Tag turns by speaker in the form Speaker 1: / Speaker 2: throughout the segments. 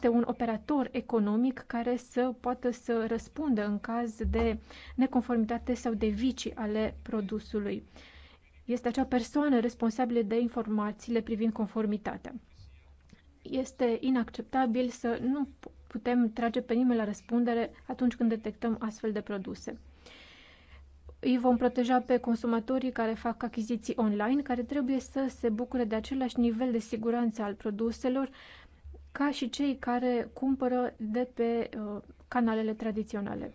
Speaker 1: este un operator economic care să poată să răspundă în caz de neconformitate sau de vicii ale produsului. Este acea persoană responsabilă de informațiile privind conformitatea. Este inacceptabil să nu putem trage pe nimeni la răspundere atunci când detectăm astfel de produse. Îi vom proteja pe consumatorii care fac achiziții online, care trebuie să se bucure de același nivel de siguranță al produselor ca și cei care cumpără de pe uh, canalele tradiționale.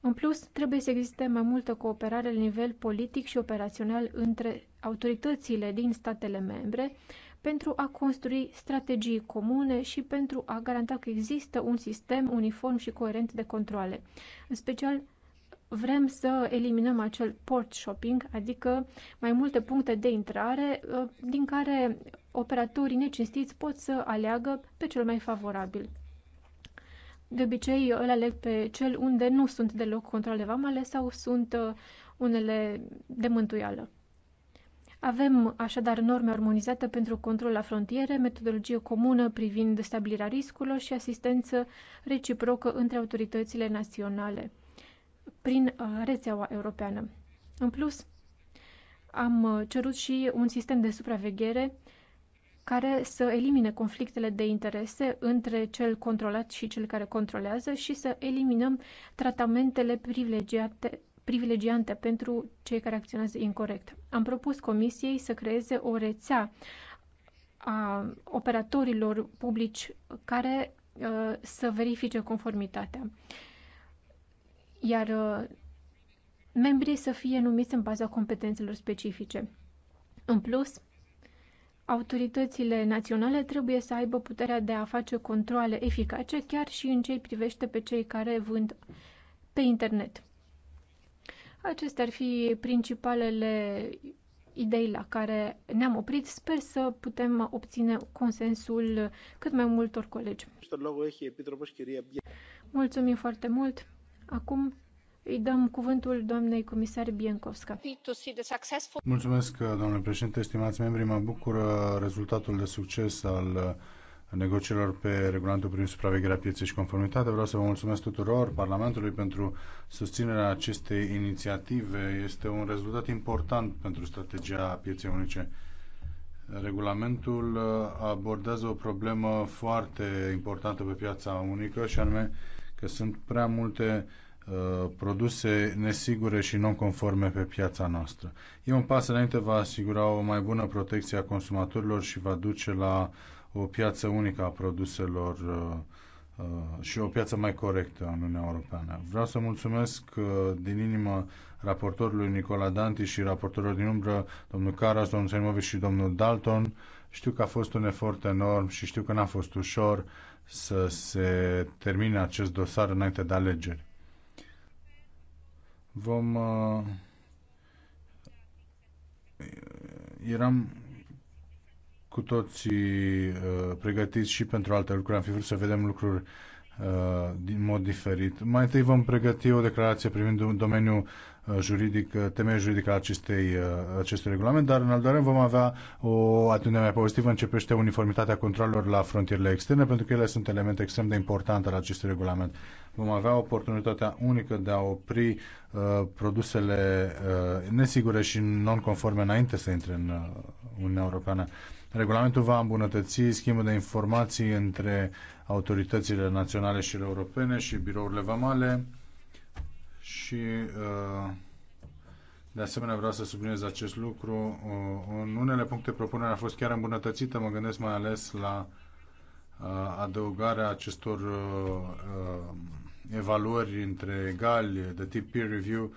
Speaker 1: În plus, trebuie să existe mai multă cooperare la nivel politic și operațional între autoritățile din statele membre pentru a construi strategii comune și pentru a garanta că există un sistem uniform și coerent de controle. În special, vrem să eliminăm acel port shopping, adică mai multe puncte de intrare uh, din care operatorii necinstiți pot să aleagă pe cel mai favorabil. De obicei îl aleg pe cel unde nu sunt deloc controle vamale sau sunt uh, unele de mântuială. Avem așadar norme armonizate pentru control la frontiere, metodologie comună privind stabilirea riscurilor și asistență reciprocă între autoritățile naționale prin uh, rețeaua europeană. În plus, am uh, cerut și un sistem de supraveghere care să elimine conflictele de interese între cel controlat și cel care controlează și să eliminăm tratamentele privilegiate privilegiante pentru cei care acționează incorrect. Am propus Comisiei să creeze o rețea a operatorilor publici care uh, să verifice conformitatea. Iar uh, membrii să fie numiți în baza competențelor specifice. În plus, autoritățile naționale trebuie să aibă puterea de a face controle eficace chiar și în ce privește pe cei care vând pe internet. Acestea ar fi principalele idei la care ne-am oprit. Sper să putem obține consensul cât mai multor colegi. Mulțumim foarte mult. Acum îi dăm cuvântul doamnei comisar Biencovska.
Speaker 2: Mulțumesc, domnule președinte, stimați membri. Mă bucură rezultatul de succes al negocierilor pe regulamentul privind supravegherea pieței și conformitate. Vreau să vă mulțumesc tuturor Parlamentului pentru susținerea acestei inițiative. Este un rezultat important pentru strategia pieței unice. Regulamentul abordează o problemă foarte importantă pe piața unică și anume că sunt prea multe Uh, produse nesigure și non-conforme pe piața noastră. E un pas înainte, va asigura o mai bună protecție a consumatorilor și va duce la o piață unică a produselor uh, uh, și o piață mai corectă în Uniunea Europeană. Vreau să mulțumesc din inimă raportorului Nicola Danti și raportorilor din umbră, domnul Caras, domnul Saimovic și domnul Dalton. Știu că a fost un efort enorm și știu că n-a fost ușor să se termine acest dosar înainte de alegeri vom uh, eram cu toții uh, pregătiți și pentru alte lucruri. Am fi vrut să vedem lucruri uh, din mod diferit. Mai întâi vom pregăti o declarație privind domeniul juridic, temeiul juridic al acestei, acestui regulament, dar în al doilea vom avea o atitudine mai pozitivă începește uniformitatea controlelor la frontierele externe, pentru că ele sunt elemente extrem de importante al acestui regulament. Vom avea oportunitatea unică de a opri uh, produsele uh, nesigure și non-conforme înainte să intre în uh, Uniunea Europeană. Regulamentul va îmbunătăți schimbul de informații între autoritățile naționale și europene și birourile vamale și uh, de asemenea vreau să subliniez acest lucru. Uh, în unele puncte propunerea a fost chiar îmbunătățită, mă gândesc mai ales la uh, adăugarea acestor evaluări între egali de tip peer review.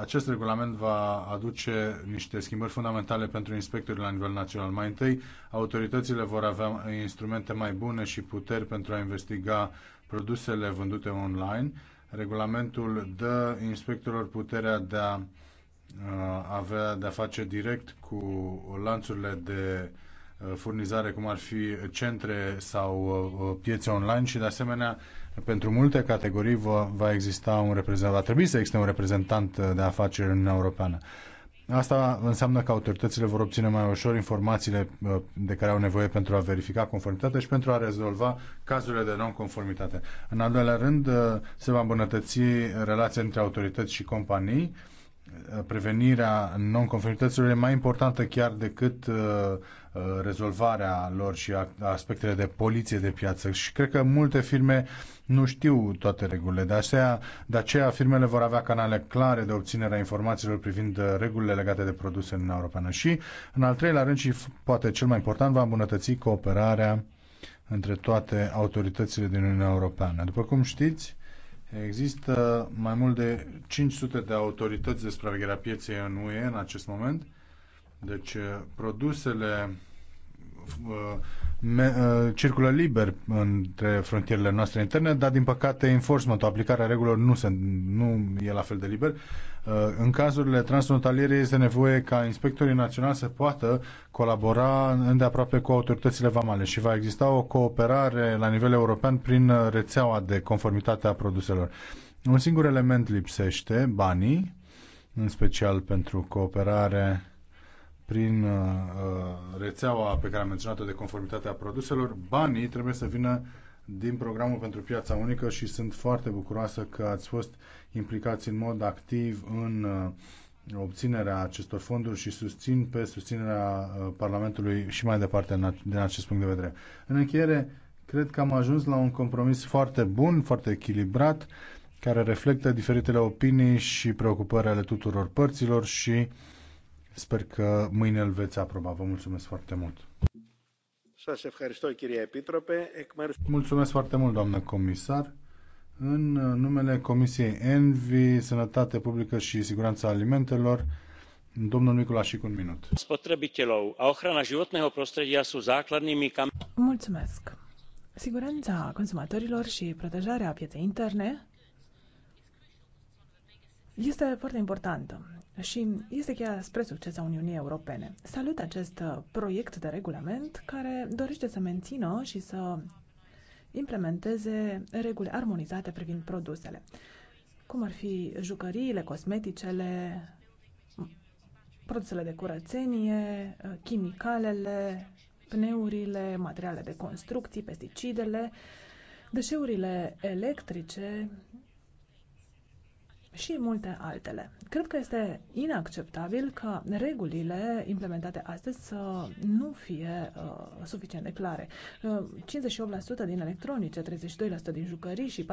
Speaker 2: Acest regulament va aduce niște schimbări fundamentale pentru inspectorii la nivel național. Mai întâi, autoritățile vor avea instrumente mai bune și puteri pentru a investiga produsele vândute online Regulamentul dă inspectorilor puterea de a uh, avea de a face direct cu lanțurile de uh, furnizare, cum ar fi centre sau uh, piețe online și, de asemenea, pentru multe categorii va, va exista un reprezentant, va trebui să existe un reprezentant de afaceri în Europeană. Asta înseamnă că autoritățile vor obține mai ușor informațiile uh, de care au nevoie pentru a verifica conformitatea și pentru a rezolva cazurile de nonconformitate. În al doilea rând, uh, se va îmbunătăți relația între autorități și companii prevenirea non-conformităților e mai importantă chiar decât uh, uh, rezolvarea lor și aspectele de poliție de piață. Și cred că multe firme nu știu toate regulile. De aceea, de aceea firmele vor avea canale clare de obținere a informațiilor privind uh, regulile legate de produse în Uniunea Europeană. Și, în al treilea rând, și poate cel mai important, va îmbunătăți cooperarea între toate autoritățile din Uniunea Europeană. După cum știți, Există mai mult de 500 de autorități de supraveghere a pieței în UE în acest moment. Deci produsele uh, me, uh, circulă liber între frontierele noastre interne, dar din păcate enforcement aplicarea regulilor nu, se, nu e la fel de liber. Uh, în cazurile transfrontaliere este nevoie ca inspectorii naționali să poată colabora îndeaproape cu autoritățile vamale și va exista o cooperare la nivel european prin rețeaua de conformitate a produselor. Un singur element lipsește, banii, în special pentru cooperare prin uh, uh, rețeaua pe care am menționat-o de conformitatea produselor, banii trebuie să vină din programul pentru piața unică și sunt foarte bucuroasă că ați fost implicați în mod activ în uh, obținerea acestor fonduri și susțin pe susținerea uh, Parlamentului și mai departe în, din acest punct de vedere. În încheiere, cred că am ajuns la un compromis foarte bun, foarte echilibrat, care reflectă diferitele opinii și preocupări ale tuturor părților și uh, Sper că mâine îl veți aproba. Vă mulțumesc foarte mult. Mulțumesc foarte mult, doamnă comisar. În numele Comisiei Envi, Sănătate Publică și Siguranța Alimentelor, domnul Nicolașic, un minut. a
Speaker 3: Mulțumesc. Siguranța consumatorilor și protejarea pieței interne este foarte importantă și este chiar spre succes a Uniunii Europene. Salut acest uh, proiect de regulament care dorește să mențină și să implementeze reguli armonizate privind produsele, cum ar fi jucăriile, cosmeticele, produsele de curățenie, uh, chimicalele, pneurile, materiale de construcții, pesticidele, deșeurile electrice, și multe altele. Cred că este inacceptabil ca regulile implementate astăzi să nu fie uh, suficient de clare. Uh, 58% din electronice, 32% din jucării și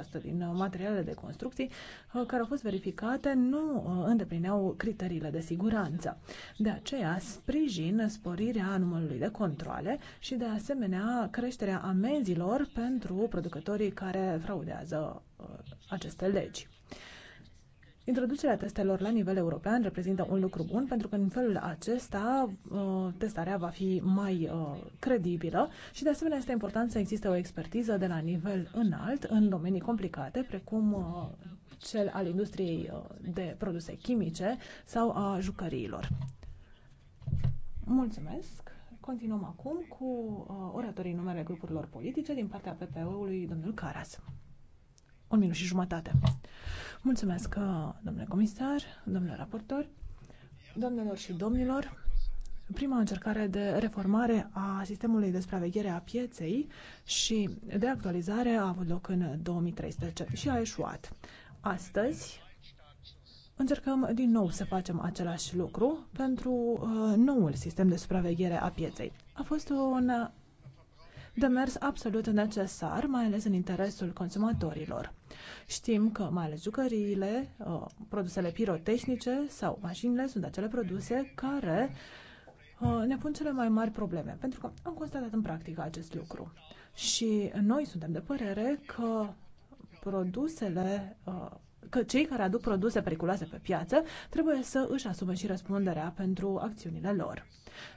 Speaker 3: 43% din uh, materialele de construcții uh, care au fost verificate nu uh, îndeplineau criteriile de siguranță. De aceea, sprijin sporirea numărului de controle și, de asemenea, creșterea amenzilor pentru producătorii care fraudează uh, aceste legi. Introducerea testelor la nivel european reprezintă un lucru bun pentru că în felul acesta uh, testarea va fi mai uh, credibilă și de asemenea este important să existe o expertiză de la nivel înalt în domenii complicate precum uh, cel al industriei de produse chimice sau a jucăriilor. Mulțumesc! Continuăm acum cu oratorii numele grupurilor politice din partea PPE-ului, domnul Caras un minut și jumătate. Mulțumesc, uh, domnule comisar, domnule raportor, domnilor și domnilor. Prima încercare de reformare a sistemului de supraveghere a pieței și de actualizare a avut loc în 2013 și a eșuat. Astăzi, Încercăm din nou să facem același lucru pentru uh, noul sistem de supraveghere a pieței. A fost un demers absolut necesar, mai ales în interesul consumatorilor. Știm că mai ales jucăriile, uh, produsele pirotehnice sau mașinile sunt acele produse care uh, ne pun cele mai mari probleme, pentru că am constatat în practică acest lucru. Și noi suntem de părere că produsele uh, că cei care aduc produse periculoase pe piață trebuie să își asume și răspunderea pentru acțiunile lor.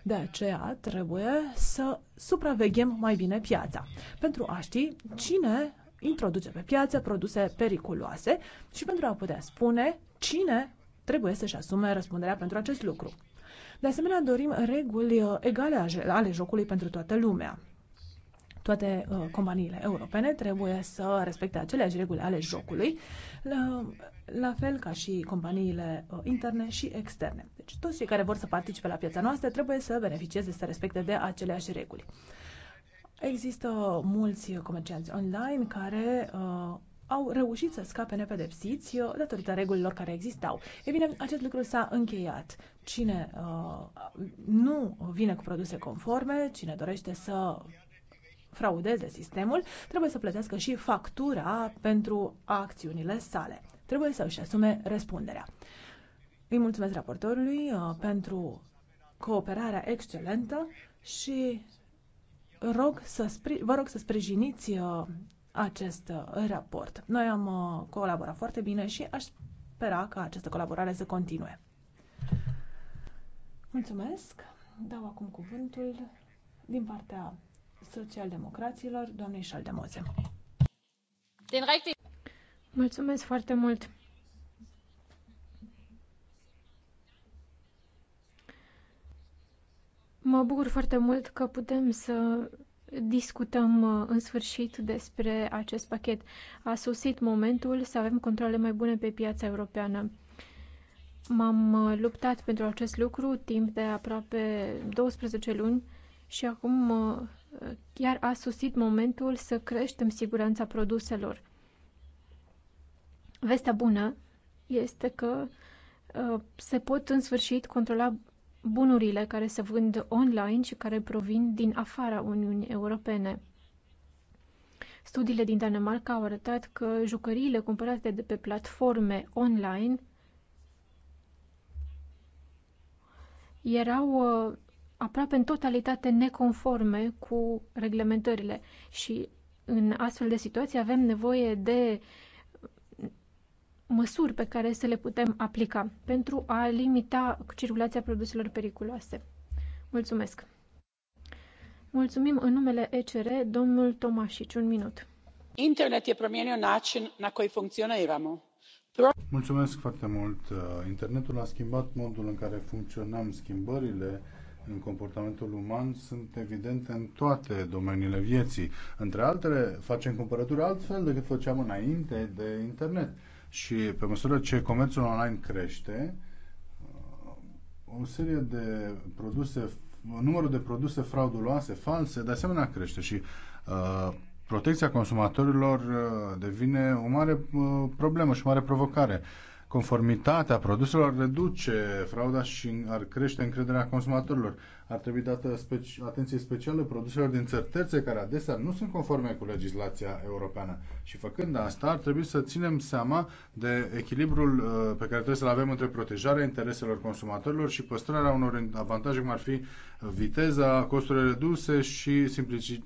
Speaker 3: De aceea trebuie să supraveghem mai bine piața pentru a ști cine introduce pe piață produse periculoase și pentru a putea spune cine trebuie să-și asume răspunderea pentru acest lucru. De asemenea, dorim reguli uh, egale ale jocului pentru toată lumea. Toate uh, companiile europene trebuie să respecte aceleași reguli ale jocului, la, la fel ca și companiile uh, interne și externe. Deci toți cei care vor să participe la piața noastră trebuie să beneficieze, să respecte de aceleași reguli. Există mulți comercianți online care uh, au reușit să scape nepedepsiți uh, datorită regulilor care existau. E bine, acest lucru s-a încheiat. Cine uh, nu vine cu produse conforme, cine dorește să fraudeze sistemul, trebuie să plătească și factura pentru acțiunile sale. Trebuie să își asume răspunderea. Îi mulțumesc raportorului uh, pentru cooperarea excelentă și rog să vă rog să sprijiniți uh, acest uh, raport. Noi am colaborat foarte bine și aș spera ca această colaborare să continue. Mulțumesc. Dau acum cuvântul din partea socialdemocraților, doamnei
Speaker 1: Șaldemoze. Mulțumesc foarte mult! Mă bucur foarte mult că putem să discutăm uh, în sfârșit despre acest pachet. A sosit momentul să avem controle mai bune pe piața europeană. M-am uh, luptat pentru acest lucru timp de aproape 12 luni și acum uh, chiar a sosit momentul să creștem siguranța produselor. Vestea bună este că uh, se pot în sfârșit controla bunurile care se vând online și care provin din afara Uniunii Europene. Studiile din Danemarca au arătat că jucăriile cumpărate de pe platforme online erau uh, aproape în totalitate neconforme cu reglementările și în astfel de situații avem nevoie de măsuri pe care să le putem aplica pentru a limita circulația produselor periculoase. Mulțumesc! Mulțumim în numele ECR, domnul Tomașici, un minut.
Speaker 3: Internet e promienio način na koji funcționiramo.
Speaker 2: Mulțumesc foarte mult. Internetul a schimbat modul în care funcționăm, schimbările în comportamentul uman sunt evidente în toate domeniile vieții. Între altele, facem cumpărături altfel decât făceam înainte de internet. Și pe măsură ce comerțul online crește, o serie de produse, numărul de produse frauduloase, false, de asemenea crește și uh, protecția consumatorilor uh, devine o mare uh, problemă și o mare provocare. Uh, conformitatea produselor reduce frauda și ar crește încrederea consumatorilor. Ar trebui dată speci- atenție specială produselor din țări terțe care adesea nu sunt conforme cu legislația europeană. Și făcând asta, ar trebui să ținem seama de echilibrul uh, pe care trebuie să-l avem între protejarea intereselor consumatorilor și păstrarea unor avantaje cum ar fi viteza, costurile reduse și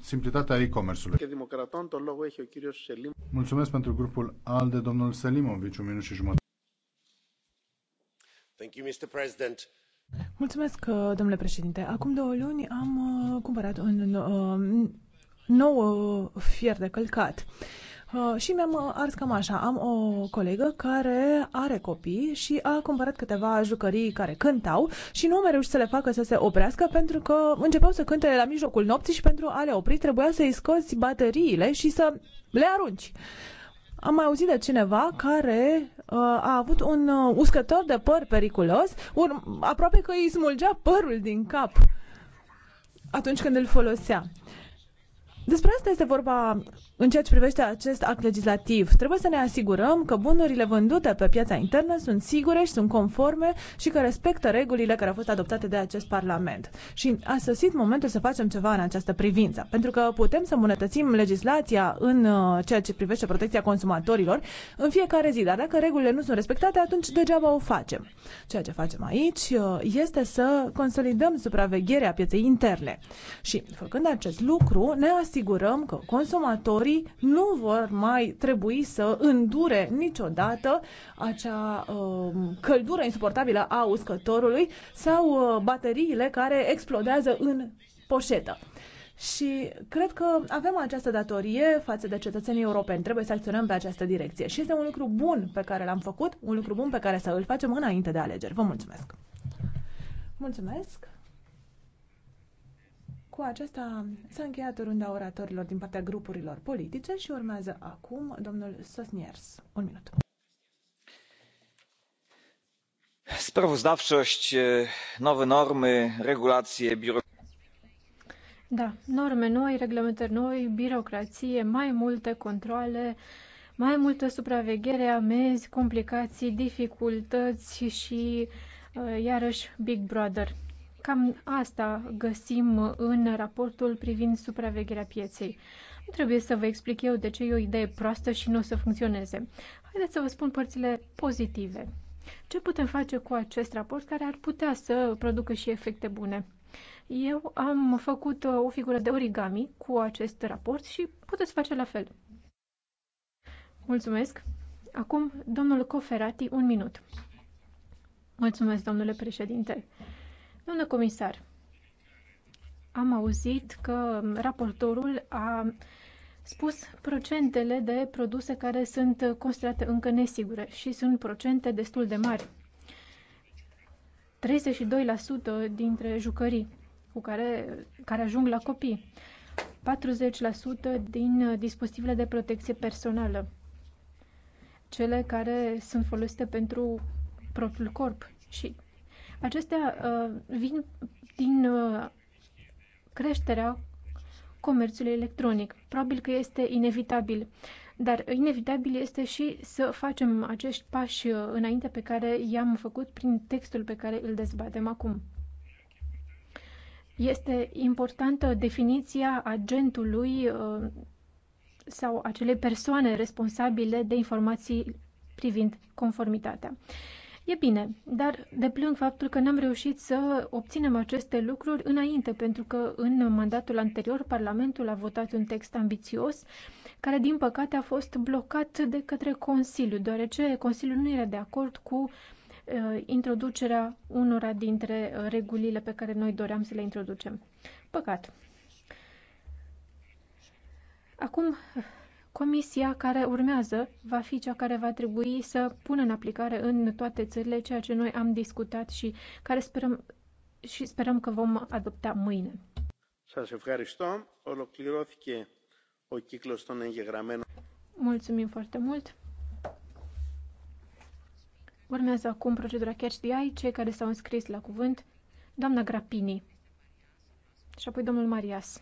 Speaker 2: simplitatea e-commerce-ului. Mulțumesc pentru grupul ALDE, domnul Selimovici, un minut și jumătate. Mulțumesc, uh, domnule
Speaker 3: președinte. Acum două luni am uh, cumpărat un uh, nou fier de călcat. Și mi-am ars cam așa. Am o colegă care are copii și a cumpărat câteva jucării care cântau și nu am reușit să le facă să se oprească pentru că începeau să cânte la mijlocul nopții și pentru a le opri trebuia să-i scoți bateriile și să le arunci. Am mai auzit de cineva care a avut un uh, uscător de păr periculos, ur- aproape că îi smulgea părul din cap atunci când îl folosea. Despre asta este vorba în ceea ce privește acest act legislativ, trebuie să ne asigurăm că bunurile vândute pe piața internă sunt sigure și sunt conforme și că respectă regulile care au fost adoptate de acest Parlament. Și a sosit momentul să facem ceva în această privință, pentru că putem să îmbunătățim legislația în uh, ceea ce privește protecția consumatorilor în fiecare zi, dar dacă regulile nu sunt respectate, atunci degeaba o facem. Ceea ce facem aici uh, este să consolidăm supravegherea pieței interne și, făcând acest lucru, ne asigurăm că consumatorii tinerii nu vor mai trebui să îndure niciodată acea uh, căldură insuportabilă a uscătorului sau uh, bateriile care explodează în poșetă. Și cred că avem această datorie față de cetățenii europeni. Trebuie să acționăm pe această direcție. Și este un lucru bun pe care l-am făcut, un lucru bun pe care să îl facem înainte de alegeri. Vă mulțumesc! Mulțumesc! Cu aceasta s-a încheiat runda oratorilor din partea grupurilor politice și urmează acum domnul Sosniers. Un minut. Sprawozdawczość, nowe normy, regulacje,
Speaker 1: biuro... Da, norme noi, reglementări noi, birocrație, mai multe controle, mai multă supraveghere, amenzi, complicații, dificultăți și iarăși Big Brother. Cam asta găsim în raportul privind supravegherea pieței. Nu trebuie să vă explic eu de ce e o idee proastă și nu o să funcționeze. Haideți să vă spun părțile pozitive. Ce putem face cu acest raport care ar putea să producă și efecte bune? Eu am făcut o figură de origami cu acest raport și puteți face la fel. Mulțumesc. Acum, domnul Coferati, un minut. Mulțumesc, domnule președinte. Domnule comisar, am auzit că raportorul a spus procentele de produse care sunt considerate încă nesigure și sunt procente destul de mari. 32% dintre jucării cu care, care ajung la copii, 40% din dispozitivele de protecție personală, cele care sunt folosite pentru propriul corp și Acestea uh, vin din uh, creșterea comerțului electronic. Probabil că este inevitabil, dar inevitabil este și să facem acești pași uh, înainte pe care i-am făcut prin textul pe care îl dezbatem acum. Este importantă definiția agentului sau acelei persoane responsabile de informații privind conformitatea. E bine, dar deplâng faptul că n-am reușit să obținem aceste lucruri înainte, pentru că în mandatul anterior Parlamentul a votat un text ambițios, care din păcate a fost blocat de către Consiliu, deoarece Consiliul nu era de acord cu uh, introducerea unora dintre uh, regulile pe care noi doream să le introducem. Păcat. Acum Comisia care urmează va fi cea care va trebui să pună în aplicare în toate țările ceea ce noi am discutat și care sperăm și sperăm că vom adopta mâine. Mulțumim foarte mult. Urmează acum procedura Catch the Eye, cei care s-au înscris la cuvânt, doamna Grapini și apoi domnul Marias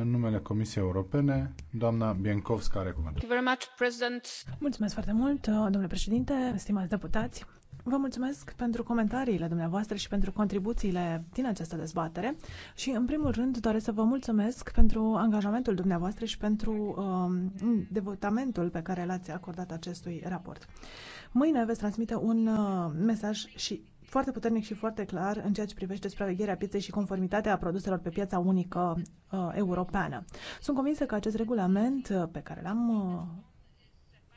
Speaker 2: În numele Comisiei Europene, doamna Biencovska are cuvântul.
Speaker 3: Mulțumesc foarte mult, uh, domnule președinte, stimați deputați. Vă mulțumesc pentru comentariile dumneavoastră și pentru contribuțiile din această dezbatere și, în primul rând, doresc să vă mulțumesc pentru angajamentul dumneavoastră și pentru um, devotamentul pe care l-ați acordat acestui raport. Mâine veți transmite un uh, mesaj și foarte puternic și foarte clar în ceea ce privește supravegherea pieței și conformitatea produselor pe piața unică uh, europeană. Sunt convinsă că acest regulament uh, pe care l-am uh,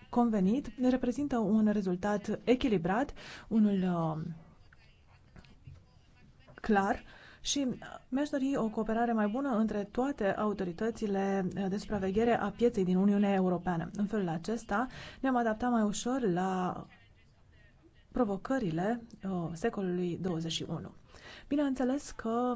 Speaker 3: convenit reprezintă un rezultat echilibrat, unul uh, clar și uh, mi-aș dori o cooperare mai bună între toate autoritățile uh, de supraveghere a pieței din Uniunea Europeană. În felul acesta ne-am adaptat mai ușor la provocările uh, secolului 21. Bineînțeles că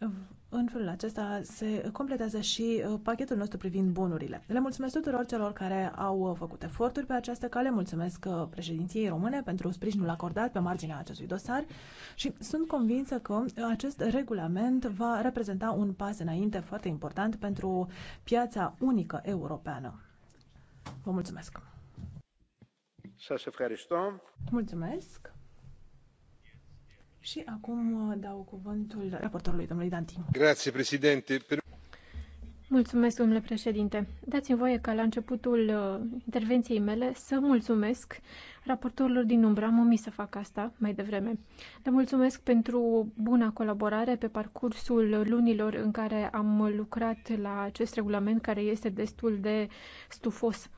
Speaker 3: uh, în felul acesta se completează și uh, pachetul nostru privind bunurile. Le mulțumesc tuturor celor care au uh, făcut eforturi pe această cale, mulțumesc președinției române pentru sprijinul acordat pe marginea acestui dosar și sunt convinsă că acest regulament va reprezenta un pas înainte foarte important pentru piața unică europeană. Vă mulțumesc! Mulțumesc.
Speaker 1: Și acum uh, dau cuvântul raportorului domnului Dantin.
Speaker 2: Grazie, președinte.
Speaker 1: Mulțumesc, domnule președinte. Dați-mi voie ca la începutul uh, intervenției mele să mulțumesc raportorilor din umbră. Am omis să fac asta mai devreme. Le mulțumesc pentru buna colaborare pe parcursul lunilor în care am lucrat la acest regulament care este destul de stufos.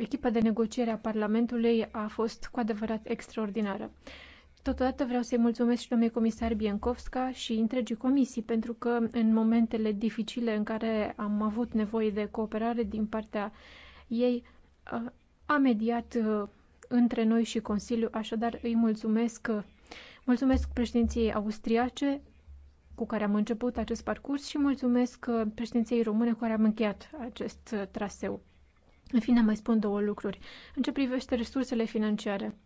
Speaker 1: Echipa de negociere a Parlamentului a fost cu adevărat extraordinară. Totodată vreau să-i mulțumesc și domnului comisar Biencovska și întregii comisii, pentru că în momentele dificile în care am avut nevoie de cooperare din partea ei, a mediat între noi și Consiliu, așadar îi mulțumesc. Mulțumesc președinției austriace cu care am început acest parcurs și mulțumesc președinției române cu care am încheiat acest traseu. În fine, mai spun două lucruri. În ce privește resursele financiare,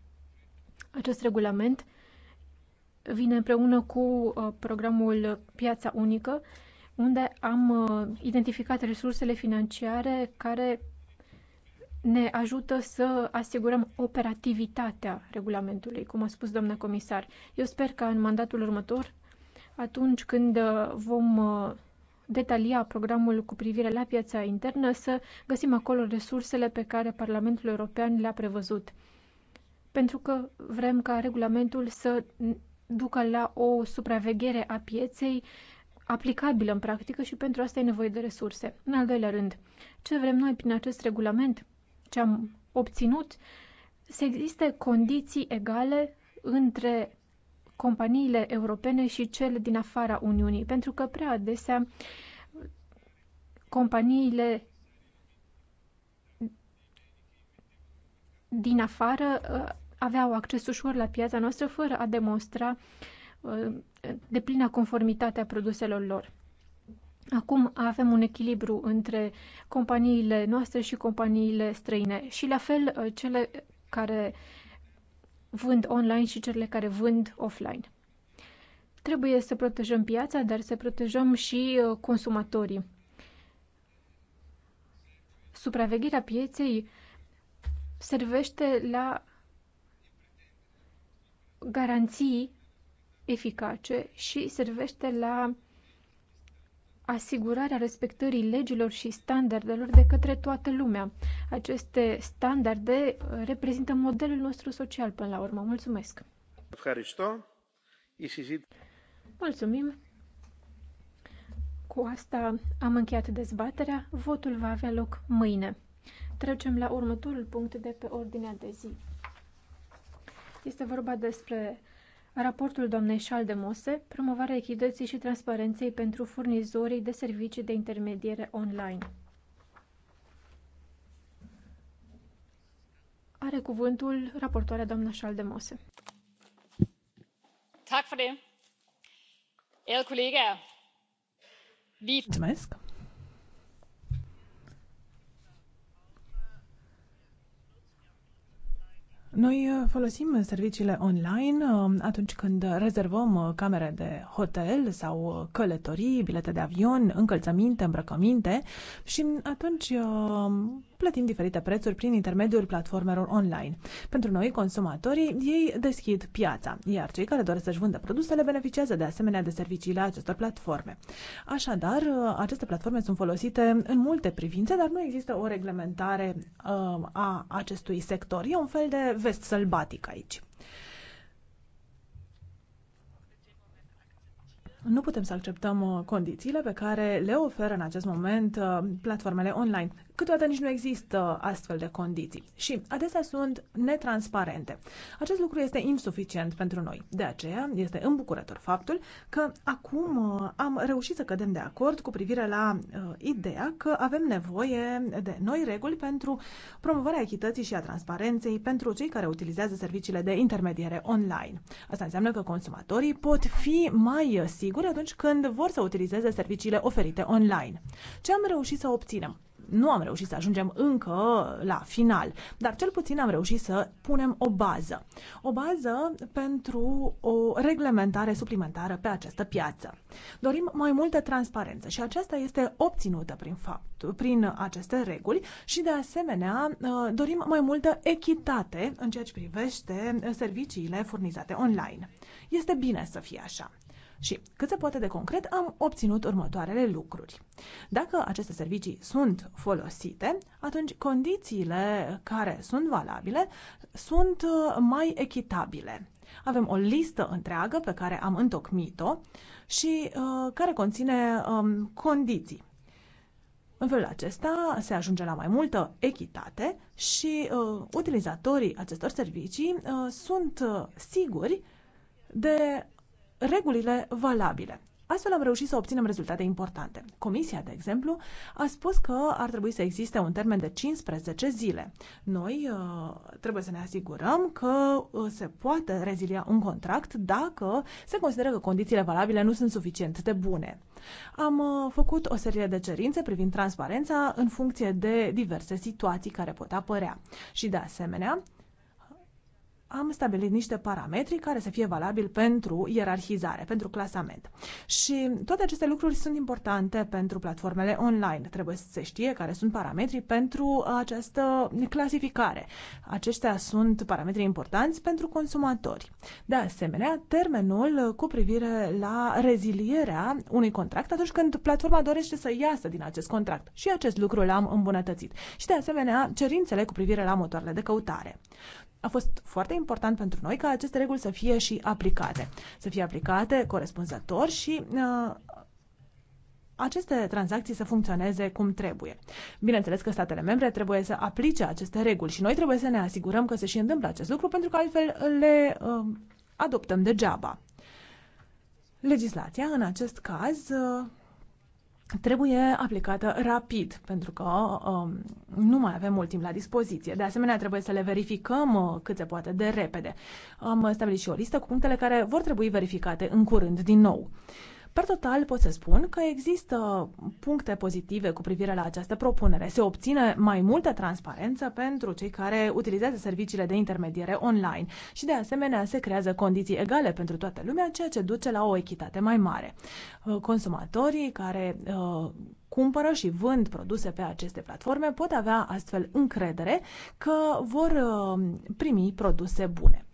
Speaker 1: acest regulament vine împreună cu uh, programul Piața Unică, unde am uh, identificat resursele financiare care ne ajută să asigurăm operativitatea regulamentului, cum a spus doamna comisar. Eu sper că în mandatul următor, atunci când uh, vom detalia programul cu privire la piața internă, să găsim acolo resursele pe care Parlamentul European le-a prevăzut. Pentru că vrem ca regulamentul să ducă la o supraveghere a pieței aplicabilă în practică și pentru asta e nevoie de resurse. În al doilea rând, ce vrem noi prin acest regulament, ce am obținut, să existe condiții egale între companiile europene și cele din afara Uniunii, pentru că prea adesea companiile din afară uh, aveau acces ușor la piața noastră fără a demonstra uh, deplina conformitate a produselor lor. Acum avem un echilibru între companiile noastre și companiile străine și la fel uh, cele care vând online și cele care vând offline. Trebuie să protejăm piața, dar să protejăm și uh, consumatorii. Supravegherea pieței servește la garanții eficace și servește la asigurarea respectării legilor și standardelor de către toată lumea. Aceste standarde uh, reprezintă modelul nostru social până la urmă. Mulțumesc! Mulțumim! Cu asta am încheiat dezbaterea. Votul va avea loc mâine. Trecem la următorul punct de pe ordinea de zi. Este vorba despre Raportul doamnei Schaldemose, promovarea echității și transparenței pentru furnizorii de servicii de intermediere online. Are cuvântul raportoarea doamna Schaldemose.
Speaker 3: Mulțumesc! Noi uh, folosim serviciile online uh, atunci când rezervăm uh, camere de hotel sau călătorii, bilete de avion, încălțăminte, îmbrăcăminte și atunci plătim diferite prețuri prin intermediul platformelor online. Pentru noi, consumatorii, ei deschid piața, iar cei care doresc să-și vândă produsele beneficiază de asemenea de serviciile acestor platforme. Așadar, aceste platforme sunt folosite în multe privințe, dar nu există o reglementare a acestui sector. E un fel de vest sălbatic aici. Nu putem să acceptăm uh, condițiile pe care le oferă în acest moment uh, platformele online câteodată nici nu există astfel de condiții și adesea sunt netransparente. Acest lucru este insuficient pentru noi. De aceea este îmbucurător faptul că acum uh, am reușit să cădem de acord cu privire la uh, ideea că avem nevoie de noi reguli pentru promovarea echității și a transparenței pentru cei care utilizează serviciile de intermediere online. Asta înseamnă că consumatorii pot fi mai siguri atunci când vor să utilizeze serviciile oferite online. Ce am reușit să obținem? nu am reușit să ajungem încă la final, dar cel puțin am reușit să punem o bază. O bază pentru o reglementare suplimentară pe această piață. Dorim mai multă transparență și aceasta este obținută prin fapt, prin aceste reguli și de asemenea ă, dorim mai multă echitate în ceea ce privește serviciile furnizate online. Este bine să fie așa. Și cât se poate de concret, am obținut următoarele lucruri. Dacă aceste servicii sunt folosite, atunci condițiile care sunt valabile sunt uh, mai echitabile. Avem o listă întreagă pe care am întocmit-o și uh, care conține um, condiții. În felul acesta se ajunge la mai multă echitate și uh, utilizatorii acestor servicii uh, sunt uh, siguri de regulile valabile. Astfel am reușit să obținem rezultate importante. Comisia, de exemplu, a spus că ar trebui să existe un termen de 15 zile. Noi uh, trebuie să ne asigurăm că uh, se poate rezilia un contract dacă se consideră că condițiile valabile nu sunt suficient de bune. Am uh, făcut o serie de cerințe privind transparența în funcție de diverse situații care pot apărea. Și de asemenea, am stabilit niște parametri care să fie valabili pentru ierarhizare, pentru clasament. Și toate aceste lucruri sunt importante pentru platformele online. Trebuie să se știe care sunt parametrii pentru această clasificare. Aceștia sunt parametri importanți pentru consumatori. De asemenea, termenul cu privire la rezilierea unui contract atunci când platforma dorește să iasă din acest contract. Și acest lucru l-am îmbunătățit. Și de asemenea, cerințele cu privire la motoarele de căutare. A fost foarte important pentru noi ca aceste reguli să fie și aplicate. Să fie aplicate corespunzător și uh, aceste tranzacții să funcționeze cum trebuie. Bineînțeles că statele membre trebuie să aplice aceste reguli și noi trebuie să ne asigurăm că se și întâmplă acest lucru pentru că altfel le uh, adoptăm degeaba. Legislația, în acest caz, uh, trebuie aplicată rapid, pentru că um, nu mai avem mult timp la dispoziție. De asemenea, trebuie să le verificăm uh, cât se poate de repede. Am stabilit și o listă cu punctele care vor trebui verificate în curând din nou. Uh, Per total, pot să spun că există puncte pozitive cu privire la această propunere. Se obține mai multă transparență pentru cei care utilizează serviciile de intermediere online și, de asemenea, se creează condiții egale pentru toată lumea, ceea ce duce la o echitate mai mare. Uh, consumatorii care uh, cumpără și vând produse pe aceste platforme pot avea astfel încredere că vor uh, primi produse bune.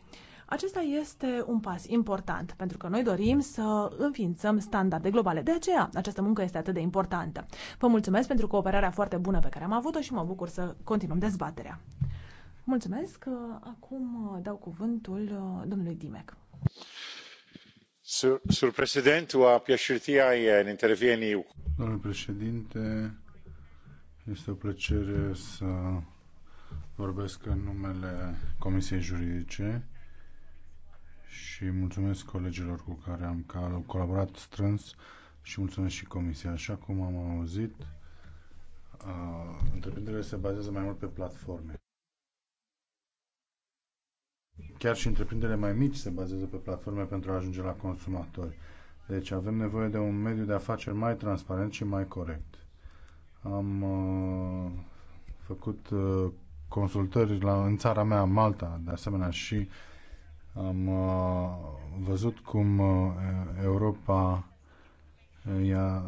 Speaker 3: Acesta este un pas important, pentru că noi dorim să înființăm standarde globale. De aceea, această muncă este atât de importantă. Vă mulțumesc pentru cooperarea foarte bună pe care am avut-o și mă bucur să continuăm dezbaterea. Mulțumesc. Acum dau cuvântul domnului Dimec.
Speaker 2: Sur, președinte, o a piașurtia în interveniu. Domnule președinte, este o plăcere să vorbesc în numele Comisiei Juridice și mulțumesc colegilor cu care am colaborat strâns și mulțumesc și Comisia. Așa cum am auzit, întreprinderile se bazează mai mult pe platforme. Chiar și întreprinderile mai mici se bazează pe platforme pentru a ajunge la consumatori. Deci avem nevoie de un mediu de afaceri mai transparent și mai corect. Am uh, făcut uh, consultări la, în țara mea, Malta, de asemenea, și am uh, văzut cum uh, Europa uh, i-a,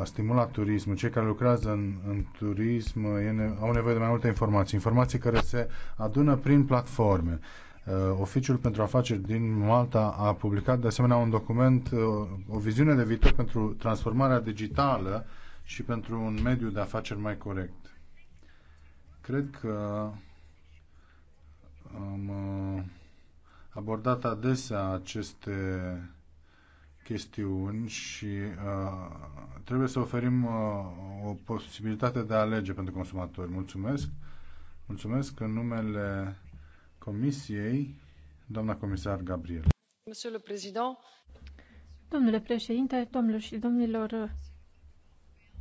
Speaker 2: a stimulat turismul. Cei care lucrează în, în turism ne, au nevoie de mai multe informații, informații care se adună prin platforme. Uh, Oficiul pentru afaceri din Malta a publicat de asemenea un document, uh, o viziune de viitor pentru transformarea digitală și pentru un mediu de afaceri mai corect. Cred că am uh, abordat adesea aceste chestiuni și uh, trebuie să oferim uh, o posibilitate de a alege pentru consumatori. Mulțumesc! Mulțumesc în numele Comisiei, doamna comisar Gabriel.
Speaker 1: Domnule președinte, domnilor și domnilor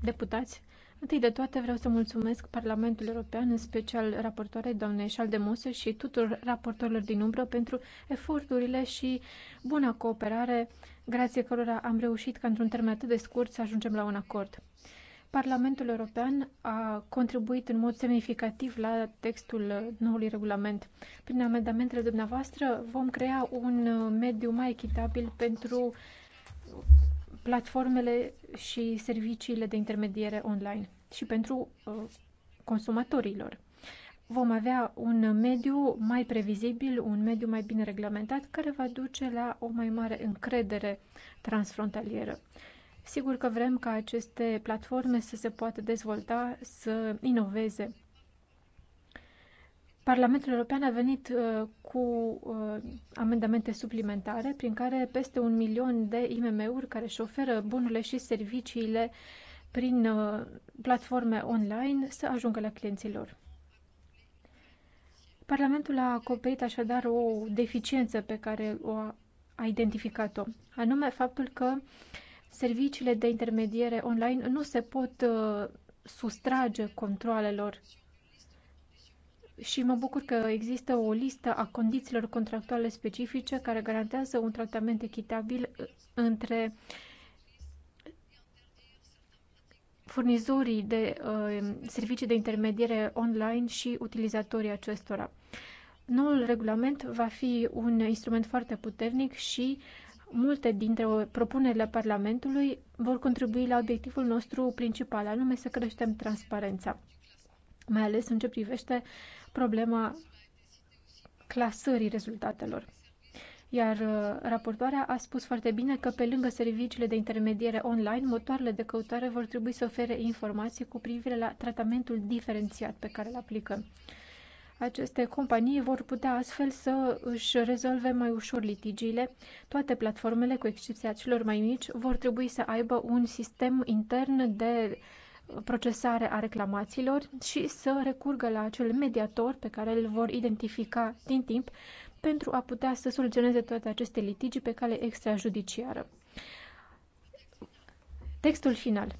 Speaker 1: deputați, Întâi de toate vreau să mulțumesc Parlamentul European, în special raportoarei doamnei Șaldemose și tuturor raportorilor din umbră pentru eforturile și buna cooperare, grație cărora am reușit ca într-un termen atât de scurt să ajungem la un acord. Parlamentul European a contribuit în mod semnificativ la textul noului regulament. Prin amendamentele dumneavoastră vom crea un mediu mai echitabil pentru platformele și serviciile de intermediere online și pentru uh, consumatorilor. Vom avea un mediu mai previzibil, un mediu mai bine reglementat, care va duce la o mai mare încredere transfrontalieră. Sigur că vrem ca aceste platforme să se poată dezvolta, să inoveze Parlamentul European a venit uh, cu uh, amendamente suplimentare prin care peste un milion de IMM-uri care își oferă bunurile și serviciile prin uh, platforme online să ajungă la clienții lor. Parlamentul a acoperit așadar o deficiență pe care o a identificat-o, anume faptul că serviciile de intermediere online nu se pot sustrage controalelor și mă bucur că există o listă a condițiilor contractuale specifice care garantează un tratament echitabil uh, între furnizorii de uh, servicii de intermediere online și utilizatorii acestora. Noul regulament va fi un instrument foarte puternic și multe dintre propunerile Parlamentului vor contribui la obiectivul nostru principal, anume să creștem transparența, mai ales în ce privește uh, problema clasării rezultatelor. Iar uh, raportoarea a spus foarte bine că pe lângă serviciile de intermediere online, motoarele de căutare vor trebui să ofere informații cu privire la tratamentul diferențiat pe care îl aplică. Aceste companii vor putea astfel să își rezolve mai ușor litigiile. Toate platformele, cu excepția celor mai mici, vor trebui să aibă un sistem intern de uh, procesare a reclamațiilor și să recurgă la acel mediator pe care îl vor identifica din timp pentru a putea să soluționeze toate aceste litigi pe cale extrajudiciară. Textul final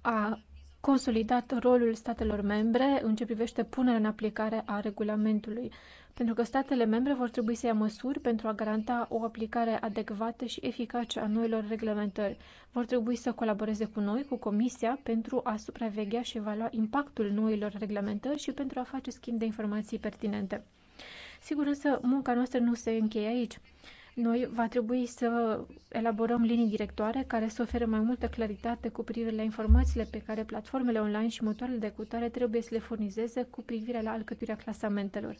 Speaker 1: a consolidat rolul statelor membre în ce privește punerea în aplicare a regulamentului, pentru că statele membre vor trebui să ia măsuri pentru a garanta o aplicare adecvată și eficace a noilor reglementări. Vor trebui să colaboreze cu noi, cu Comisia, pentru a supraveghea și evalua impactul noilor reglementări și pentru a face schimb de informații pertinente. Sigur însă, munca noastră nu se încheie aici. Noi va trebui să elaborăm linii directoare care să ofere mai multă claritate cu privire la informațiile pe care platformele online și motoarele de cutare trebuie să le furnizeze cu privire la alcătuirea clasamentelor.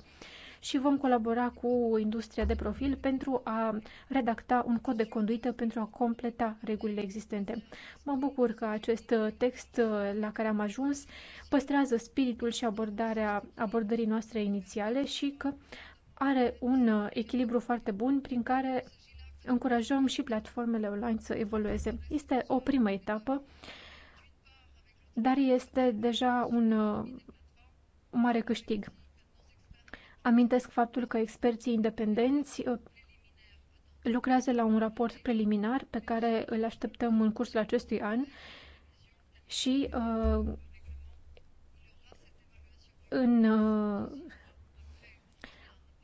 Speaker 1: Și vom colabora cu industria de profil pentru a redacta un cod de conduită pentru a completa regulile existente. Mă bucur că acest text la care am ajuns păstrează spiritul și abordarea abordării noastre inițiale și că are un uh, echilibru foarte bun prin care încurajăm și platformele online să evolueze. Este o primă etapă, dar este deja un uh, mare câștig. Amintesc faptul că experții independenți uh, lucrează la un raport preliminar pe care îl așteptăm în cursul acestui an și în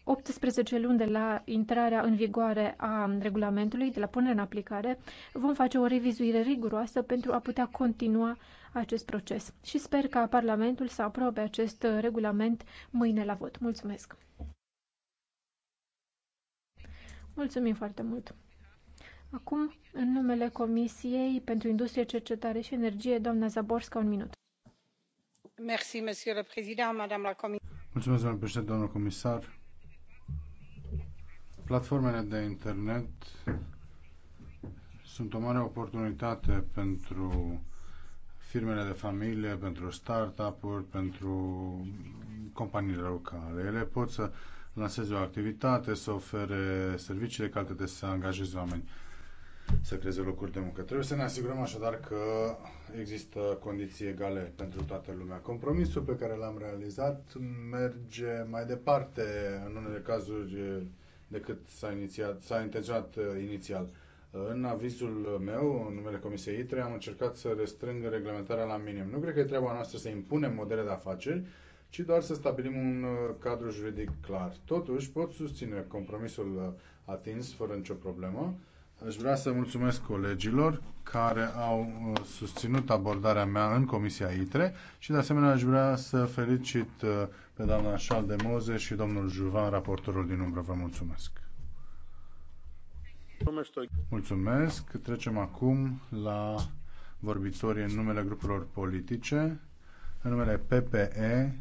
Speaker 1: 18 luni de la intrarea în vigoare a regulamentului, de la punerea în aplicare, vom face o revizuire riguroasă pentru a putea continua acest proces. Și sper ca Parlamentul să aprobe acest regulament mâine la vot. Mulțumesc! Mulțumim foarte mult! Acum, în numele Comisiei pentru Industrie, Cercetare și Energie, doamna Zaborska, un minut.
Speaker 4: Mulțumesc, doamnă
Speaker 2: președinte, doamnă comisar Platformele de internet sunt o mare oportunitate pentru firmele de familie, pentru startup-uri, pentru companiile locale. Ele pot să lanseze o activitate, să ofere servicii de calitate, să angajeze oameni, să creeze locuri de muncă. Trebuie să ne asigurăm așadar că există condiții egale pentru toată lumea. Compromisul pe care l-am realizat merge mai departe, în unele cazuri decât s-a, inițiat, s-a intenționat uh, inițial. În avizul meu, în numele Comisiei ITRE, am încercat să restrâng reglementarea la minim. Nu cred că e treaba noastră să impunem modele de afaceri, ci doar să stabilim un uh, cadru juridic clar. Totuși, pot susține compromisul uh, atins fără nicio problemă. Aș vrea să mulțumesc colegilor care au susținut abordarea mea în Comisia ITRE și de asemenea aș vrea să felicit pe doamna Moze și domnul Juvan, raportorul din umbră. Vă mulțumesc! Mulțumesc! Trecem acum la vorbitorii în numele grupurilor politice, în numele PPE,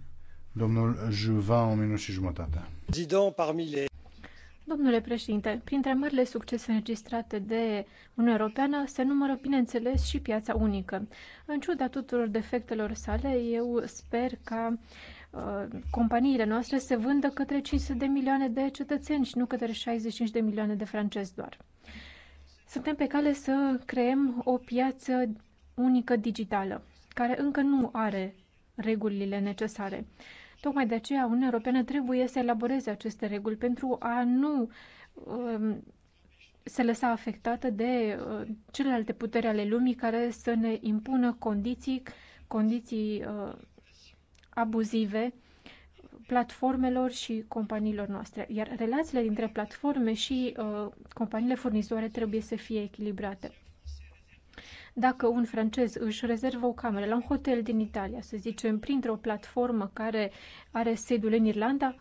Speaker 2: domnul Juvan, o minut și jumătate.
Speaker 1: Domnule președinte, printre marile succese înregistrate de Uniunea Europeană se numără, bineînțeles, și piața unică. În ciuda tuturor defectelor sale, eu sper ca uh, Uh, companiile noastre se vândă către 500 de milioane de cetățeni și nu către 65 de milioane de francezi doar. Suntem pe cale să creăm o piață unică digitală, care încă nu are regulile necesare. Tocmai de aceea Uniunea Europeană trebuie să elaboreze aceste reguli pentru a nu um, se lăsa afectată de uh, celelalte puteri ale lumii care să ne impună condiții, condiții uh, abuzive platformelor și companiilor noastre, iar relațiile dintre platforme și uh, companiile furnizoare trebuie să fie echilibrate. Dacă un francez își rezervă o cameră la un hotel din Italia, să zicem, printr-o platformă care are sediul în Irlanda,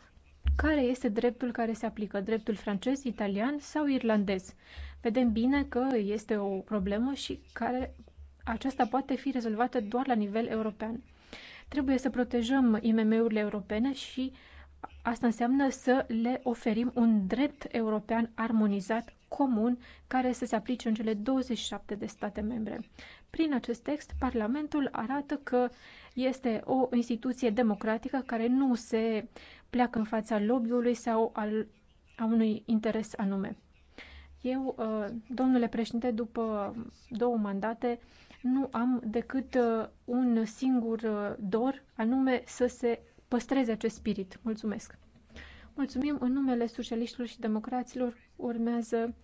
Speaker 1: care este dreptul care se aplică, dreptul francez, italian sau irlandez? Vedem bine că este o problemă și care aceasta poate fi rezolvată doar la nivel european. Trebuie să protejăm IMM-urile europene și asta înseamnă să le oferim un drept european armonizat, comun, care să se aplice în cele 27 de state membre. Prin acest text, Parlamentul arată că este o instituție democratică care nu se pleacă în fața lobby-ului sau al, a unui interes anume. Eu, uh, domnule președinte, după două mandate, nu am decât uh, un singur uh, dor, anume să se păstreze acest spirit. Mulțumesc! Mulțumim în numele socialiștilor și democraților. Urmează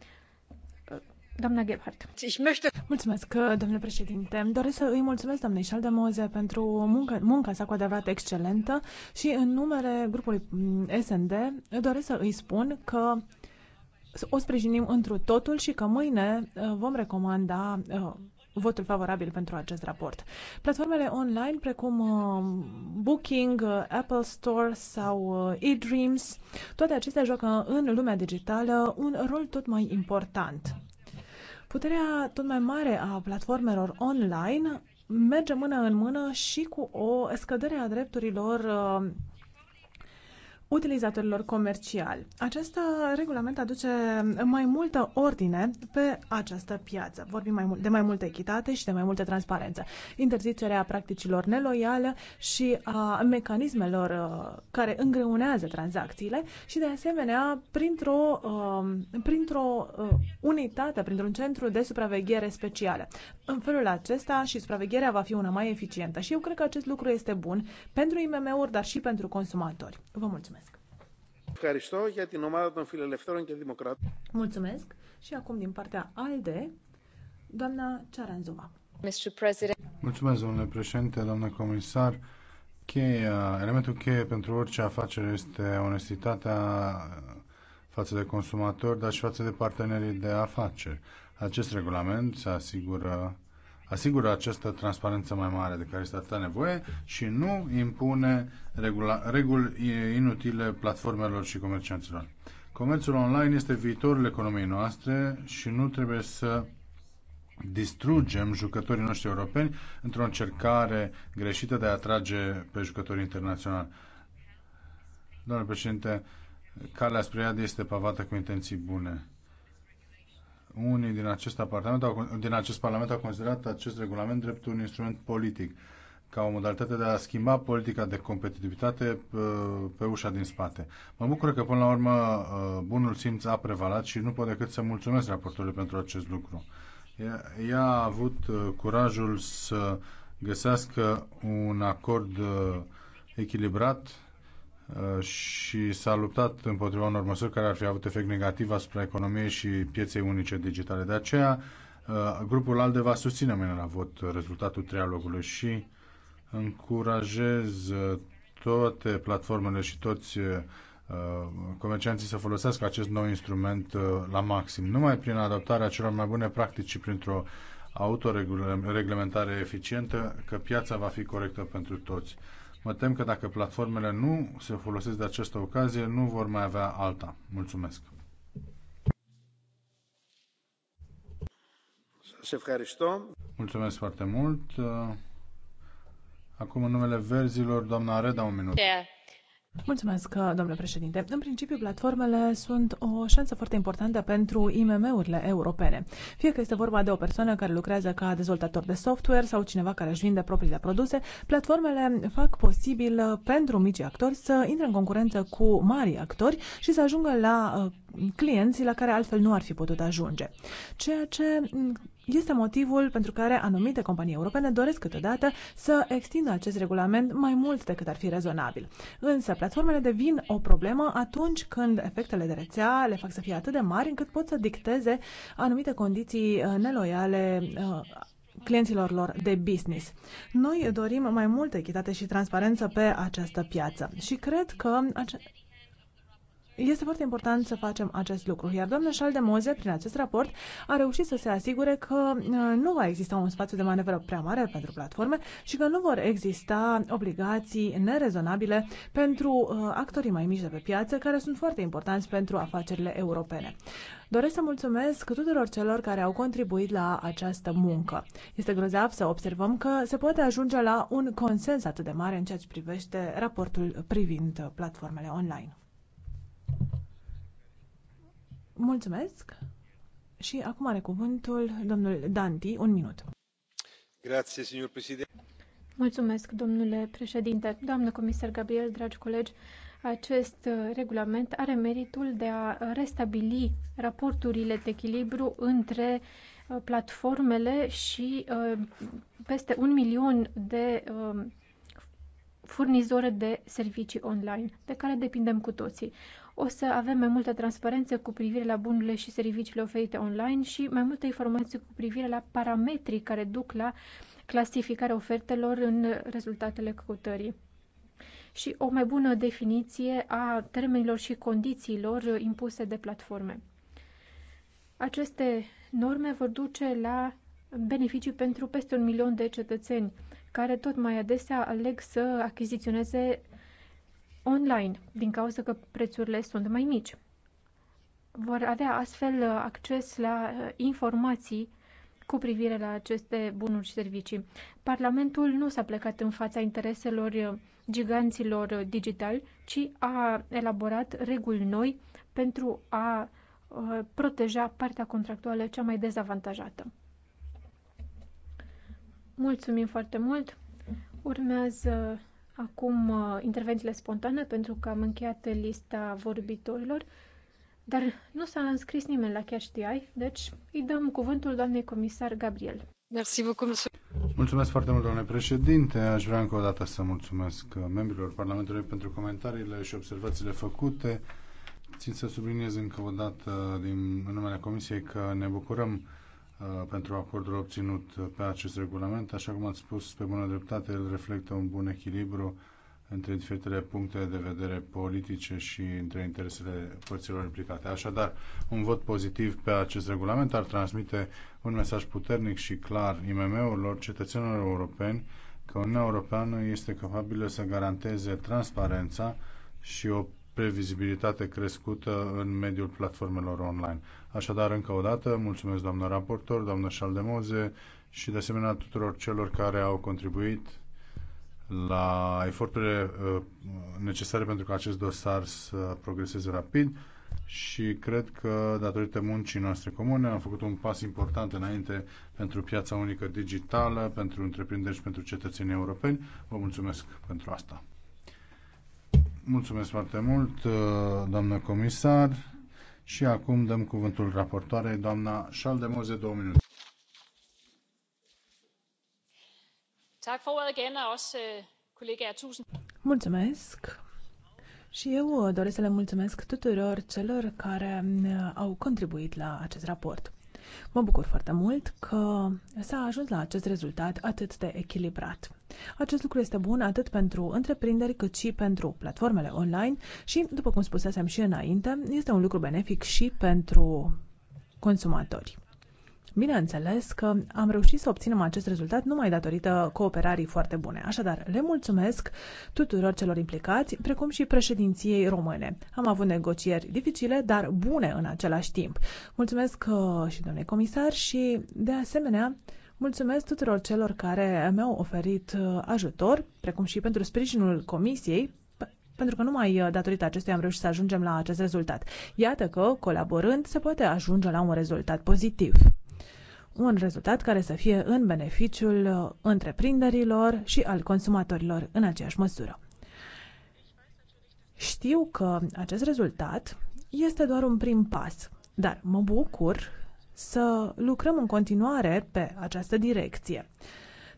Speaker 1: uh, doamna Gebhardt. Deci, mulțumesc, domnule
Speaker 3: președinte. doresc să îi mulțumesc doamnei Șaldemoze pentru munca, munca sa cu adevărat excelentă și în numele grupului mm, SND doresc să îi spun că o sprijinim întru totul și că mâine vom recomanda votul favorabil pentru acest raport. Platformele online precum uh, Booking, uh, Apple Store sau uh, eDreams, toate acestea joacă în lumea digitală un rol tot mai important. Puterea tot mai mare a platformelor online merge mână în mână și cu o scădere a drepturilor utilizatorilor comerciali. Acest uh, regulament aduce mai multă ordine pe această piață. Vorbim mai mult, de mai multă echitate și de mai multă transparență. Interzicerea practicilor neloiale și a mecanismelor uh, care îngreunează tranzacțiile și de asemenea printr-o, um, printr-o uh, unitate, printr-un centru de supraveghere specială. În felul acesta și supravegherea va fi una mai eficientă și eu cred că acest lucru este bun pentru IMM-uri, dar și pentru consumatori. Vă mulțumesc! Mulțumesc și acum din partea ALDE, doamna Cearanzova.
Speaker 2: Mulțumesc, domnule președinte, doamna comisar. Cheia, elementul cheie pentru orice afacere este onestitatea față de consumatori, dar și față de partenerii de afaceri. Acest regulament se asigură asigură această transparență mai mare de care este atâta nevoie și nu impune regula, reguli inutile platformelor și comercianților. Comerțul online este viitorul economiei noastre și nu trebuie să distrugem jucătorii noștri europeni într-o încercare greșită de a atrage pe jucătorii internaționali. Domnule președinte, calea spre iad este pavată cu intenții bune unii din acest, apartament au, din acest parlament au considerat acest regulament drept un instrument politic, ca o modalitate de a schimba politica de competitivitate uh, pe ușa din spate. Mă bucur că, până la urmă, uh, bunul simț a prevalat și nu pot decât să mulțumesc raportorului pentru acest lucru. Ea a avut uh, curajul să găsească un acord echilibrat Uh, și s-a luptat împotriva unor măsuri care ar fi avut efect negativ asupra economiei și pieței unice digitale. De aceea, uh, grupul ALDE va susține mâine la vot rezultatul trialogului și încurajez uh, toate platformele și toți comercianții să folosească acest nou instrument la maxim. Numai prin adoptarea celor mai bune practici și printr-o autoreglementare eficientă, că piața va fi corectă pentru toți. Mă tem că dacă platformele nu se folosesc de această ocazie, nu vor mai avea alta. Mulțumesc! Mulțumesc foarte mult! Acum, în numele verzilor, doamna Reda, un minut.
Speaker 3: Yeah. Mulțumesc, domnule președinte. În principiu, platformele sunt o șansă foarte importantă pentru IMM-urile europene. Fie că este vorba de o persoană care lucrează ca dezvoltator de software sau cineva care își vinde propriile produse, platformele fac posibil pentru mici actori să intre în concurență cu mari actori și să ajungă la uh, clienții la care altfel nu ar fi putut ajunge. Ceea ce este motivul pentru care anumite companii europene doresc câteodată să extindă acest regulament mai mult decât ar fi rezonabil. Însă, platformele devin o problemă atunci când efectele de rețea le fac să fie atât de mari încât pot să dicteze anumite condiții uh, neloiale uh, clienților lor de business. Noi dorim mai multă echitate și transparență pe această piață și cred că este foarte important să facem acest lucru, iar doamna Moze, prin acest raport, a reușit să se asigure că uh, nu va exista un spațiu de manevră prea mare pentru platforme și că nu vor exista obligații nerezonabile pentru uh, actorii mai mici de pe piață, care sunt foarte importanți pentru afacerile europene. Doresc să mulțumesc tuturor celor care au contribuit la această muncă. Este grozav să observăm că se poate ajunge la un consens atât de mare în ceea ce privește raportul privind platformele online. Mulțumesc. Și acum are cuvântul domnul Danti, un minut.
Speaker 2: Grazie, signor președinte.
Speaker 1: Mulțumesc, domnule președinte. Doamnă comisar Gabriel, dragi colegi, acest uh, regulament are meritul de a restabili raporturile de echilibru între uh, platformele și uh, peste un milion de furnizori de servicii online, de care depindem cu toții. O să avem mai multă transparență cu privire la bunurile și serviciile oferite online și mai multă informație cu privire la parametrii care duc la clasificarea ofertelor în rezultatele căutării și o mai bună definiție a termenilor și condițiilor impuse de platforme. Aceste norme vor duce la beneficii pentru peste un milion de cetățeni care tot mai adesea aleg să achiziționeze online, din cauza că prețurile sunt mai mici. Vor avea astfel uh, acces la uh, informații cu privire la aceste bunuri și servicii. Parlamentul nu s-a plecat în fața intereselor uh, giganților digitali, ci a elaborat reguli noi pentru a proteja partea contractuală cea mai dezavantajată. Mulțumim foarte mult! Urmează Acum uh, intervențiile spontane pentru că am încheiat lista vorbitorilor, dar nu s-a înscris nimeni la chiar știai, deci îi dăm cuvântul doamnei comisar Gabriel. Merci beaucoup, monsieur.
Speaker 2: Mulțumesc foarte mult, domnule președinte. Aș vrea încă o dată să mulțumesc uh, membrilor Parlamentului pentru comentariile și observațiile făcute. Țin să subliniez încă o dată uh, din, în numele Comisiei că ne bucurăm Uh, pentru acordul obținut pe acest regulament. Așa cum ați spus, pe bună dreptate, el reflectă un bun echilibru între diferitele puncte de vedere politice și între interesele părților implicate. Așadar, un vot pozitiv pe acest regulament ar transmite un mesaj puternic și clar IMM-urilor, cetățenilor europeni, că Uniunea Europeană este capabilă să garanteze transparența și o previzibilitate crescută în mediul platformelor online. Așadar, încă o dată, mulțumesc doamnă raportor, doamnă Șaldemoze și de asemenea tuturor celor care au contribuit la eforturile uh, necesare pentru ca acest dosar să progreseze rapid și cred că datorită muncii noastre comune am făcut un pas important înainte pentru piața unică digitală, pentru întreprinderi și pentru cetățenii europeni. Vă mulțumesc pentru asta. Mulțumesc foarte mult, uh, doamnă comisar. Și acum dăm cuvântul raportoarei, doamna Șaldemoze, două minute.
Speaker 1: Øh,
Speaker 3: mulțumesc. Și eu uh, doresc să le mulțumesc tuturor celor care uh, au contribuit la acest raport. Mă bucur foarte mult că s-a ajuns la acest rezultat atât de echilibrat. Acest lucru este bun atât pentru întreprinderi cât și pentru platformele online și, după cum spusesem și înainte, este un lucru benefic și pentru consumatori. Bineînțeles că am reușit să obținem acest rezultat numai datorită cooperării foarte bune. Așadar, le mulțumesc tuturor celor implicați, precum și președinției române. Am avut negocieri dificile, dar bune în același timp. Mulțumesc uh, și domnule comisar și, de asemenea, Mulțumesc tuturor celor care mi-au oferit uh, ajutor, precum și pentru sprijinul Comisiei, pentru că numai uh, datorită acestuia am reușit să ajungem la acest rezultat. Iată că, colaborând, se poate ajunge la un rezultat pozitiv un rezultat care să fie în beneficiul uh, întreprinderilor și al consumatorilor în aceeași măsură. Știu că acest rezultat este doar un prim pas, dar mă bucur să lucrăm în continuare pe această direcție.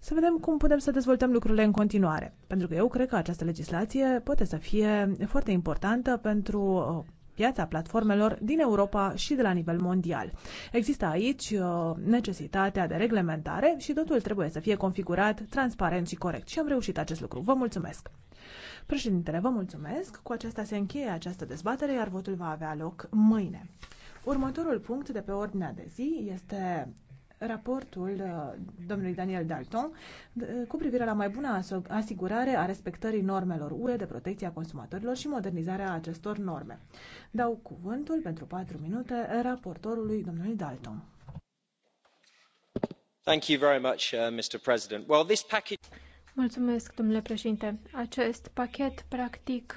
Speaker 3: Să vedem cum putem să dezvoltăm lucrurile în continuare, pentru că eu cred că această legislație poate să fie foarte importantă pentru uh, piața platformelor din Europa și de la nivel mondial. Există aici uh, necesitatea de reglementare și totul trebuie să fie configurat transparent și corect și am reușit acest lucru. Vă mulțumesc! Președintele, vă mulțumesc! Cu aceasta se încheie această dezbatere, iar votul va avea loc mâine. Următorul punct de pe ordinea de zi este raportul uh, domnului Daniel Dalton uh, cu privire la mai bună asigurare a respectării normelor UE de protecție a consumatorilor și modernizarea acestor norme. Dau cuvântul pentru patru minute
Speaker 1: raportorului domnului Dalton. Thank you very much, uh, Mr. President. Well, this package... Mulțumesc, domnule președinte. Acest pachet, practic,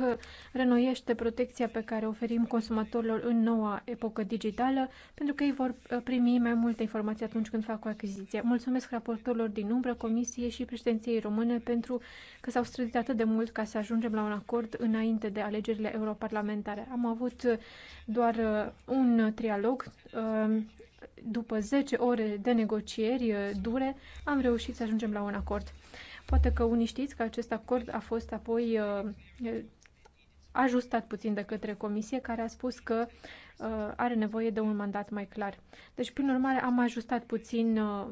Speaker 1: renoiește protecția pe care o oferim consumatorilor în noua epocă digitală, pentru că ei vor uh, primi mai multe informații atunci când fac o achiziție. Mulțumesc raportorilor din umbră, comisie și președinției române pentru că s-au strădit atât de mult ca să ajungem la un acord înainte de alegerile europarlamentare. Am avut uh, doar uh, un trialog după 10 ore de negocieri dure, am reușit să ajungem la un acord. Poate că unii știți că acest acord a fost apoi uh, ajustat puțin de către comisie, care a spus că uh, are nevoie de un mandat mai clar. Deci, prin urmare, am ajustat puțin uh,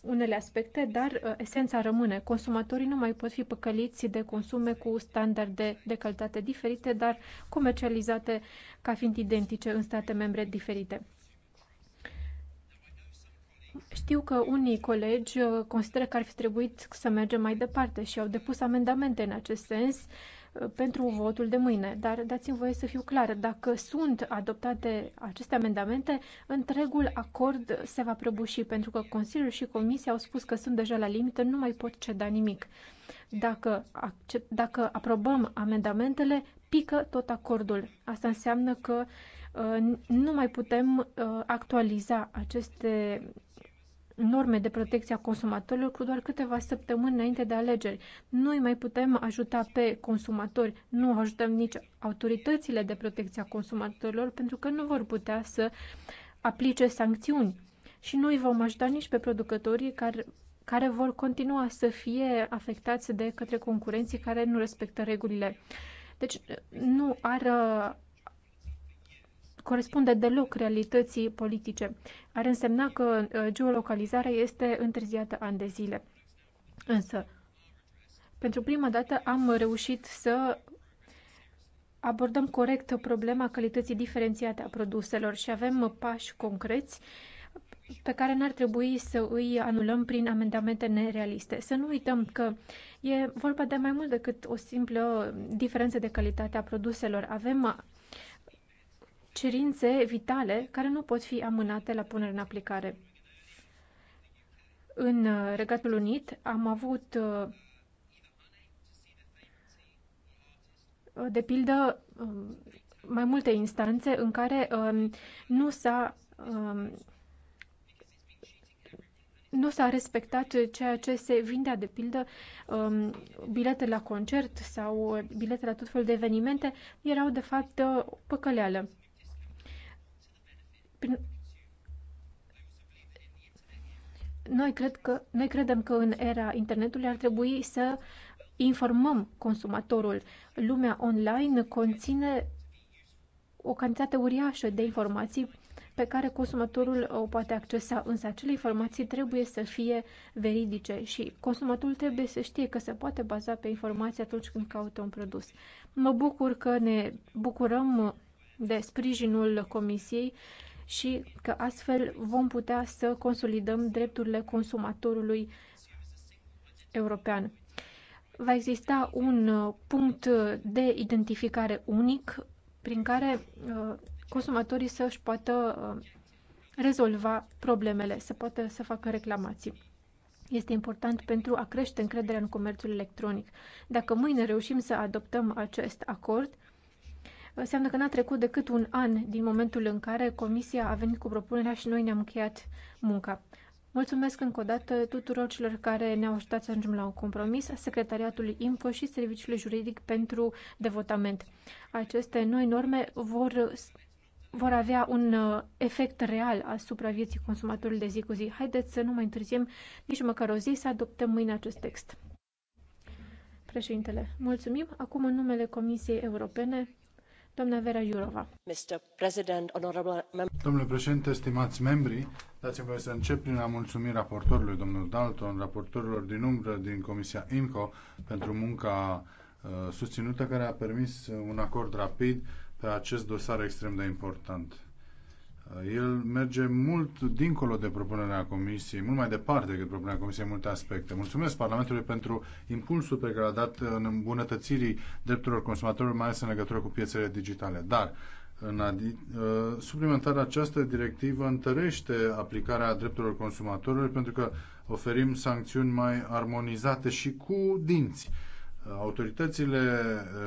Speaker 1: unele aspecte, dar esența rămâne. Consumatorii nu mai pot fi păcăliți de consume cu standarde de calitate diferite, dar comercializate ca fiind identice în state membre diferite. Știu că unii colegi uh, consideră că ar fi trebuit să mergem mai departe și au depus amendamente în acest sens uh, pentru votul de mâine, dar dați-mi voie să fiu clară. Dacă sunt adoptate aceste amendamente, întregul acord se va prăbuși, pentru că Consiliul și Comisia au spus că sunt deja la limită, nu mai pot ceda nimic. Dacă, accept, dacă aprobăm amendamentele, pică tot acordul. Asta înseamnă că uh, nu mai putem uh, actualiza aceste norme de protecție a consumatorilor cu doar câteva săptămâni înainte de alegeri. Nu îi mai putem ajuta pe consumatori, nu ajutăm nici autoritățile de protecție a consumatorilor pentru că nu vor putea să aplice sancțiuni și nu îi vom ajuta nici pe producătorii care, care vor continua să fie afectați de către concurenții care nu respectă regulile. Deci nu ar corespunde deloc realității politice. Ar însemna că uh, geolocalizarea este întârziată ani de zile. Însă, pentru prima dată am reușit să abordăm corect problema calității diferențiate a produselor și avem pași concreți pe care n-ar trebui să îi anulăm prin amendamente nerealiste. Să nu uităm că e vorba de mai mult decât o simplă diferență de calitate a produselor. Avem cerințe vitale care nu pot fi amânate la punere în aplicare. În uh, Regatul Unit am avut, uh, de pildă, um, mai multe instanțe în care um, nu s-a um, nu s-a respectat ceea ce se vindea, de pildă, bilete la concert sau uh, bilete la tot felul de evenimente erau, de fapt, păcăleală. Prin... Noi, cred că, noi credem că în era internetului ar trebui să informăm consumatorul. Lumea online conține o cantitate uriașă de informații pe care consumatorul o poate accesa, însă acele informații trebuie să fie veridice și consumatorul trebuie să știe că se poate baza pe informații atunci când caută un produs. Mă bucur că ne bucurăm de sprijinul Comisiei și că astfel vom putea să consolidăm drepturile consumatorului european. Va exista un uh, punct de identificare unic prin care uh, consumatorii să își poată uh, rezolva problemele, să poată să facă reclamații. Este important pentru a crește încrederea în comerțul electronic. Dacă mâine reușim să adoptăm acest acord, Înseamnă că n-a trecut decât un an din momentul în care Comisia a venit cu propunerea și noi ne-am încheiat munca. Mulțumesc încă o dată tuturor celor care ne-au ajutat să ajungem la un compromis, Secretariatului INFO și Serviciului Juridic pentru devotament. Aceste noi norme vor, vor avea un uh, efect real asupra vieții consumatorului de zi cu zi. Haideți să nu mai întârziem nici măcar o zi să adoptăm mâine acest text. Președintele, mulțumim. Acum, în numele Comisiei Europene, Domnule
Speaker 2: președinte, stimați membri, dați-mi voie să încep prin a mulțumi raportorului, domnul Dalton, raportorilor din umbră din Comisia imco pentru munca uh, susținută care a permis un acord rapid pe acest dosar extrem de important. El merge mult dincolo de propunerea Comisiei, mult mai departe decât propunerea Comisiei în multe aspecte. Mulțumesc Parlamentului pentru impulsul pe care l-a dat în îmbunătățirii drepturilor consumatorilor, mai ales în legătură cu piețele digitale. Dar, în adi- ă, suplimentar, această directivă întărește aplicarea drepturilor consumatorilor pentru că oferim sancțiuni mai armonizate și cu dinți. Autoritățile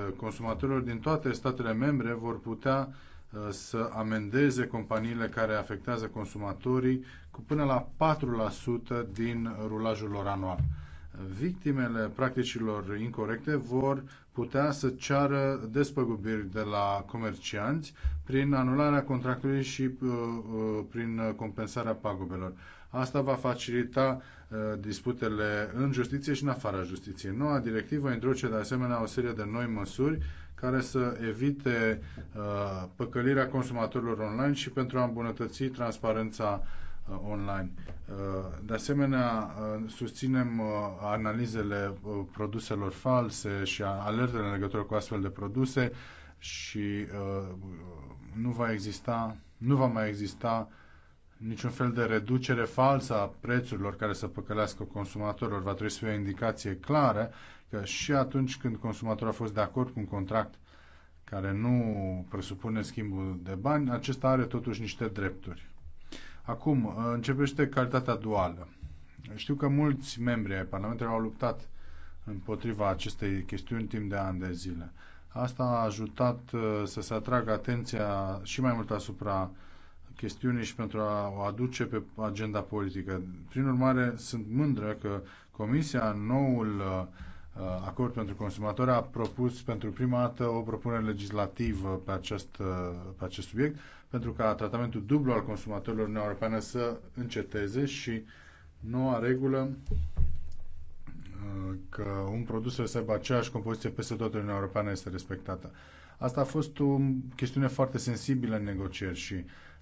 Speaker 2: ă, consumatorilor din toate statele membre vor putea Uh, să amendeze companiile care afectează consumatorii cu până la 4% din rulajul lor anual. Victimele practicilor incorrecte vor putea să ceară despăgubiri de la comercianți prin anularea contractului și uh, uh, prin compensarea pagubelor. Asta va facilita uh, disputele în justiție și în afara justiției. Noua directivă introduce de asemenea o serie de noi măsuri care să evite uh, păcălirea consumatorilor online și pentru a îmbunătăți transparența uh, online. Uh, de asemenea, uh, susținem uh, analizele uh, produselor false și alertele în legătură cu astfel de produse și uh, nu va exista, nu va mai exista niciun fel de reducere falsă a prețurilor care să păcălească consumatorilor. Va trebui să fie o indicație clară că și atunci când consumatorul a fost de acord cu un contract care nu presupune schimbul de bani, acesta are totuși niște drepturi. Acum, uh, începește calitatea duală. Știu că mulți membri ai Parlamentului au luptat împotriva acestei chestiuni timp de ani de zile. Asta a ajutat uh, să se atragă atenția și mai mult asupra chestiunii și pentru a o aduce pe agenda politică. Prin urmare, sunt mândră că Comisia, noul uh, Uh, acord pentru consumatori a propus pentru prima dată o propunere legislativă pe acest, uh, pe acest subiect pentru ca tratamentul dublu al consumatorilor în europeană să înceteze și noua regulă uh, că un produs să aibă aceeași compoziție peste toată Uniunea Europeană este respectată. Asta a fost o chestiune foarte sensibilă în negocieri și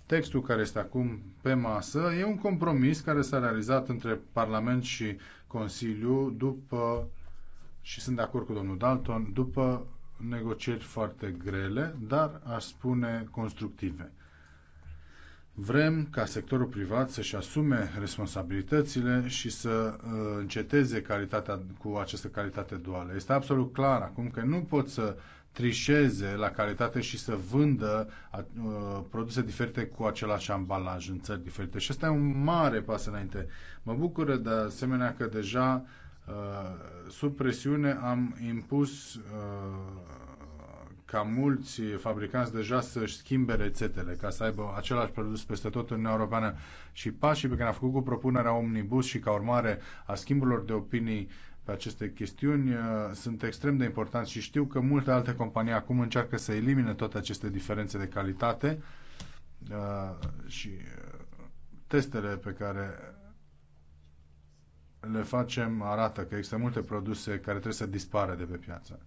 Speaker 2: textul care este acum pe masă e un compromis care s-a realizat între Parlament și Consiliu după și sunt de acord cu domnul Dalton, după negocieri foarte grele, dar aș spune constructive. Vrem ca sectorul privat să-și asume responsabilitățile și să uh, înceteze calitatea, cu această calitate duală. Este absolut clar acum că nu pot să trișeze la calitate și să vândă uh, produse diferite cu același ambalaj în țări diferite. Și asta e un mare pas înainte. Mă bucură de asemenea că deja uh, Uh, sub presiune am impus uh, ca mulți fabricanți deja să-și schimbe rețetele ca să aibă același produs peste tot în Uniunea Europeană și pașii pe care am făcut cu propunerea Omnibus și ca urmare a schimburilor de opinii pe aceste chestiuni uh, sunt extrem de importanți și știu că multe alte companii acum încearcă să elimine toate aceste diferențe de calitate și testele pe care le facem arată că există multe produse care trebuie să dispară de pe piață.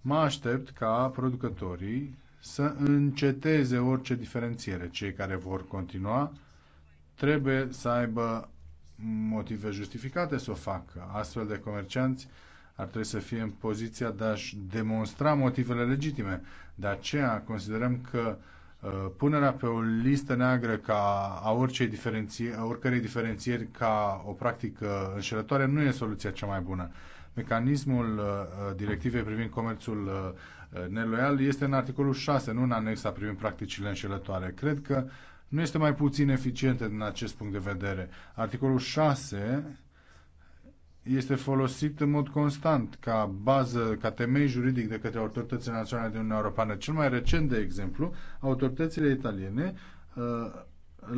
Speaker 2: Mă aștept ca producătorii să înceteze orice diferențiere. Cei care vor continua trebuie să aibă motive justificate să o facă. Astfel de comercianți ar trebui să fie în poziția de a-și demonstra motivele legitime. De aceea considerăm că uh, Uh, punerea pe o listă neagră ca a oricei diferenție, a oricărei diferențieri ca o practică înșelătoare nu e soluția cea mai bună. Mecanismul uh, uh, directivei privind comerțul neloial este în articolul 6, nu în anexa privind practicile înșelătoare. Cred că nu este mai puțin eficientă din acest punct de vedere. Articolul 6 este folosit în mod constant ca bază, ca temei juridic de către autoritățile naționale din Uniunea Europeană. Cel mai recent, de exemplu, autoritățile italiene uh,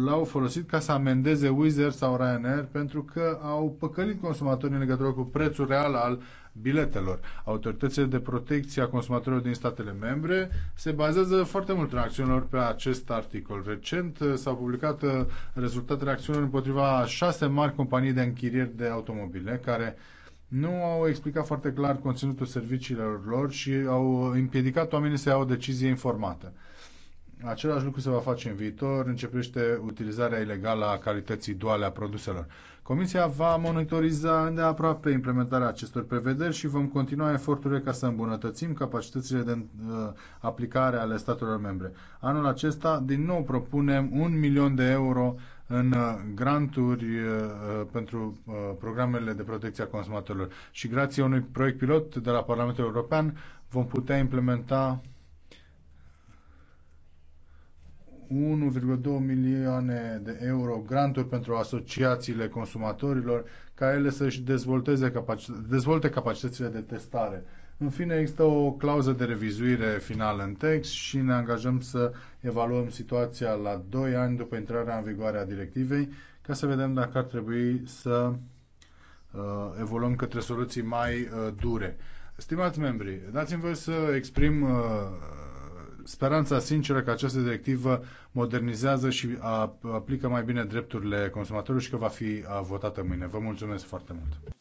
Speaker 2: l-au folosit ca să amendeze Wizard sau Ryanair pentru că au păcălit consumatorii în legătură cu prețul real al biletelor. Autoritățile de protecție a consumatorilor din statele membre se bazează foarte mult în acțiunilor pe acest articol. Recent uh, s-au publicat uh, rezultatele acțiunilor împotriva șase mari companii de închirieri de automobile care nu au explicat foarte clar conținutul serviciilor lor și au împiedicat oamenii să iau o decizie informată. Același lucru se va face în viitor, începește utilizarea ilegală a calității duale a produselor. Comisia va monitoriza îndeaproape implementarea acestor prevederi și vom continua eforturile ca să îmbunătățim capacitățile de uh, aplicare ale statelor membre. Anul acesta, din nou, propunem un milion de euro în uh, granturi uh, pentru programele de protecție a consumatorilor. Și grație unui proiect pilot de la Parlamentul European vom putea implementa 1,2 milioane de euro granturi pentru asociațiile consumatorilor ca ele să-și dezvolteze capaci- dezvolte capacitățile de testare. În fine, există o clauză de revizuire finală în text și ne angajăm să evaluăm situația la 2 ani după intrarea în vigoare a directivei ca să vedem dacă ar trebui să uh, evoluăm către soluții mai uh, dure. Stimați membri, dați-mi voi să exprim uh, speranța sinceră că această directivă modernizează și aplică mai bine drepturile consumatorilor și că va fi votată mâine. Vă mulțumesc foarte mult!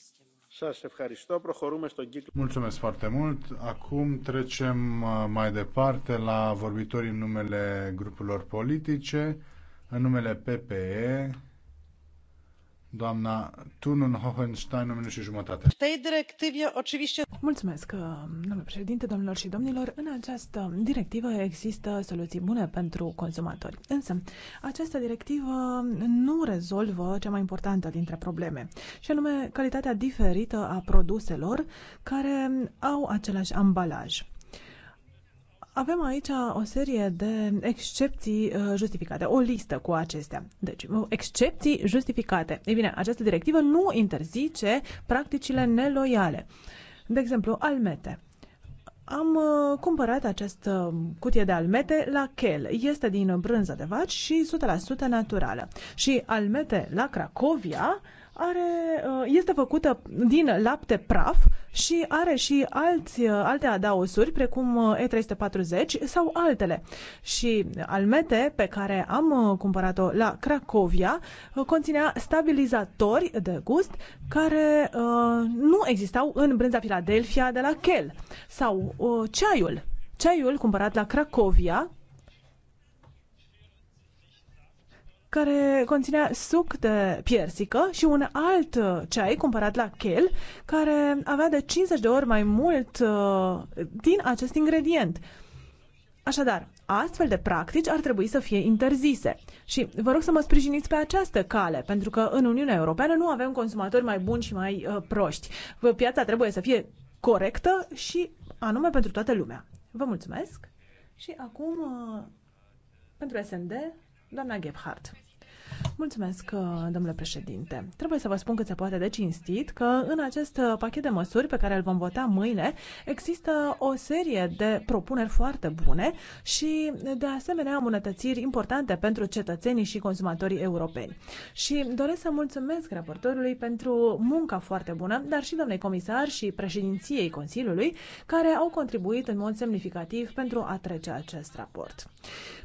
Speaker 2: Mulțumesc foarte mult. Acum trecem mai departe la vorbitorii în numele grupurilor politice, în numele PPE doamna Tunun Hohenstein, o minut și jumătate.
Speaker 3: Mulțumesc, uh, domnule președinte, domnilor și domnilor. În această directivă există soluții bune pentru consumatori. Însă, această directivă nu rezolvă cea mai importantă dintre probleme, și anume calitatea diferită a produselor care au același ambalaj. Avem aici o serie de excepții uh, justificate, o listă cu acestea. Deci, uh, excepții justificate. Ei bine, această directivă nu interzice practicile neloiale. De exemplu, almete. Am uh, cumpărat această cutie de almete la kel Este din brânză de vaci și 100% naturală. Și almete la Cracovia are, uh, este făcută din lapte praf și are și alți, uh, alte adaosuri, precum uh, E340 sau altele. Și almete pe care am cumpărat-o la Cracovia conținea stabilizatori de gust care uh, nu existau în brânza Philadelphia de la Kel sau uh, ceaiul. Ceaiul cumpărat la Cracovia care conținea suc de piersică și un alt uh, ceai cumpărat la Kel, care avea de 50 de ori mai mult uh, din acest ingredient. Așadar, astfel de practici ar trebui să fie interzise. Și vă rog să mă sprijiniți pe această cale, pentru că în Uniunea Europeană nu avem consumatori mai buni și mai uh, proști. Piața trebuie să fie corectă și anume pentru toată lumea. Vă mulțumesc și acum uh, pentru SND Doamna Gebhardt. Mulțumesc, uh, domnule președinte. Trebuie să vă spun cât se poate de cinstit că în acest uh, pachet de măsuri pe care îl vom vota mâine există o serie de propuneri foarte bune și de asemenea îmbunătățiri importante pentru cetățenii și consumatorii europeni. Și doresc să mulțumesc raportorului pentru munca foarte bună, dar și doamnei comisar și președinției Consiliului care au contribuit în mod semnificativ pentru a trece acest raport.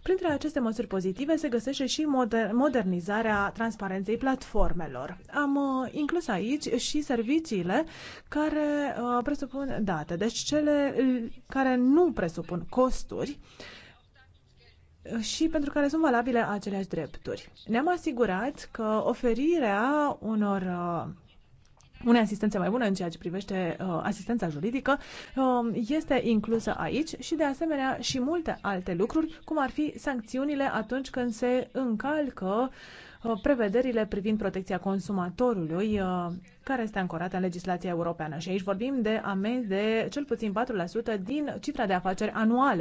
Speaker 3: Printre aceste măsuri pozitive se găsește și moder- modernizarea transparenței platformelor. Am uh, inclus aici și serviciile care uh, presupun date, deci cele uh, care nu presupun costuri uh, și pentru care sunt valabile aceleași drepturi. Ne-am asigurat că oferirea unor uh, unei asistențe mai bune în ceea ce privește uh, asistența juridică uh, este inclusă aici și de asemenea și multe alte lucruri, cum ar fi sancțiunile atunci când se încalcă uh, prevederile privind protecția consumatorului uh, care este ancorată în legislația europeană. Și aici vorbim de amenzi de cel puțin 4% din cifra de afaceri anuală.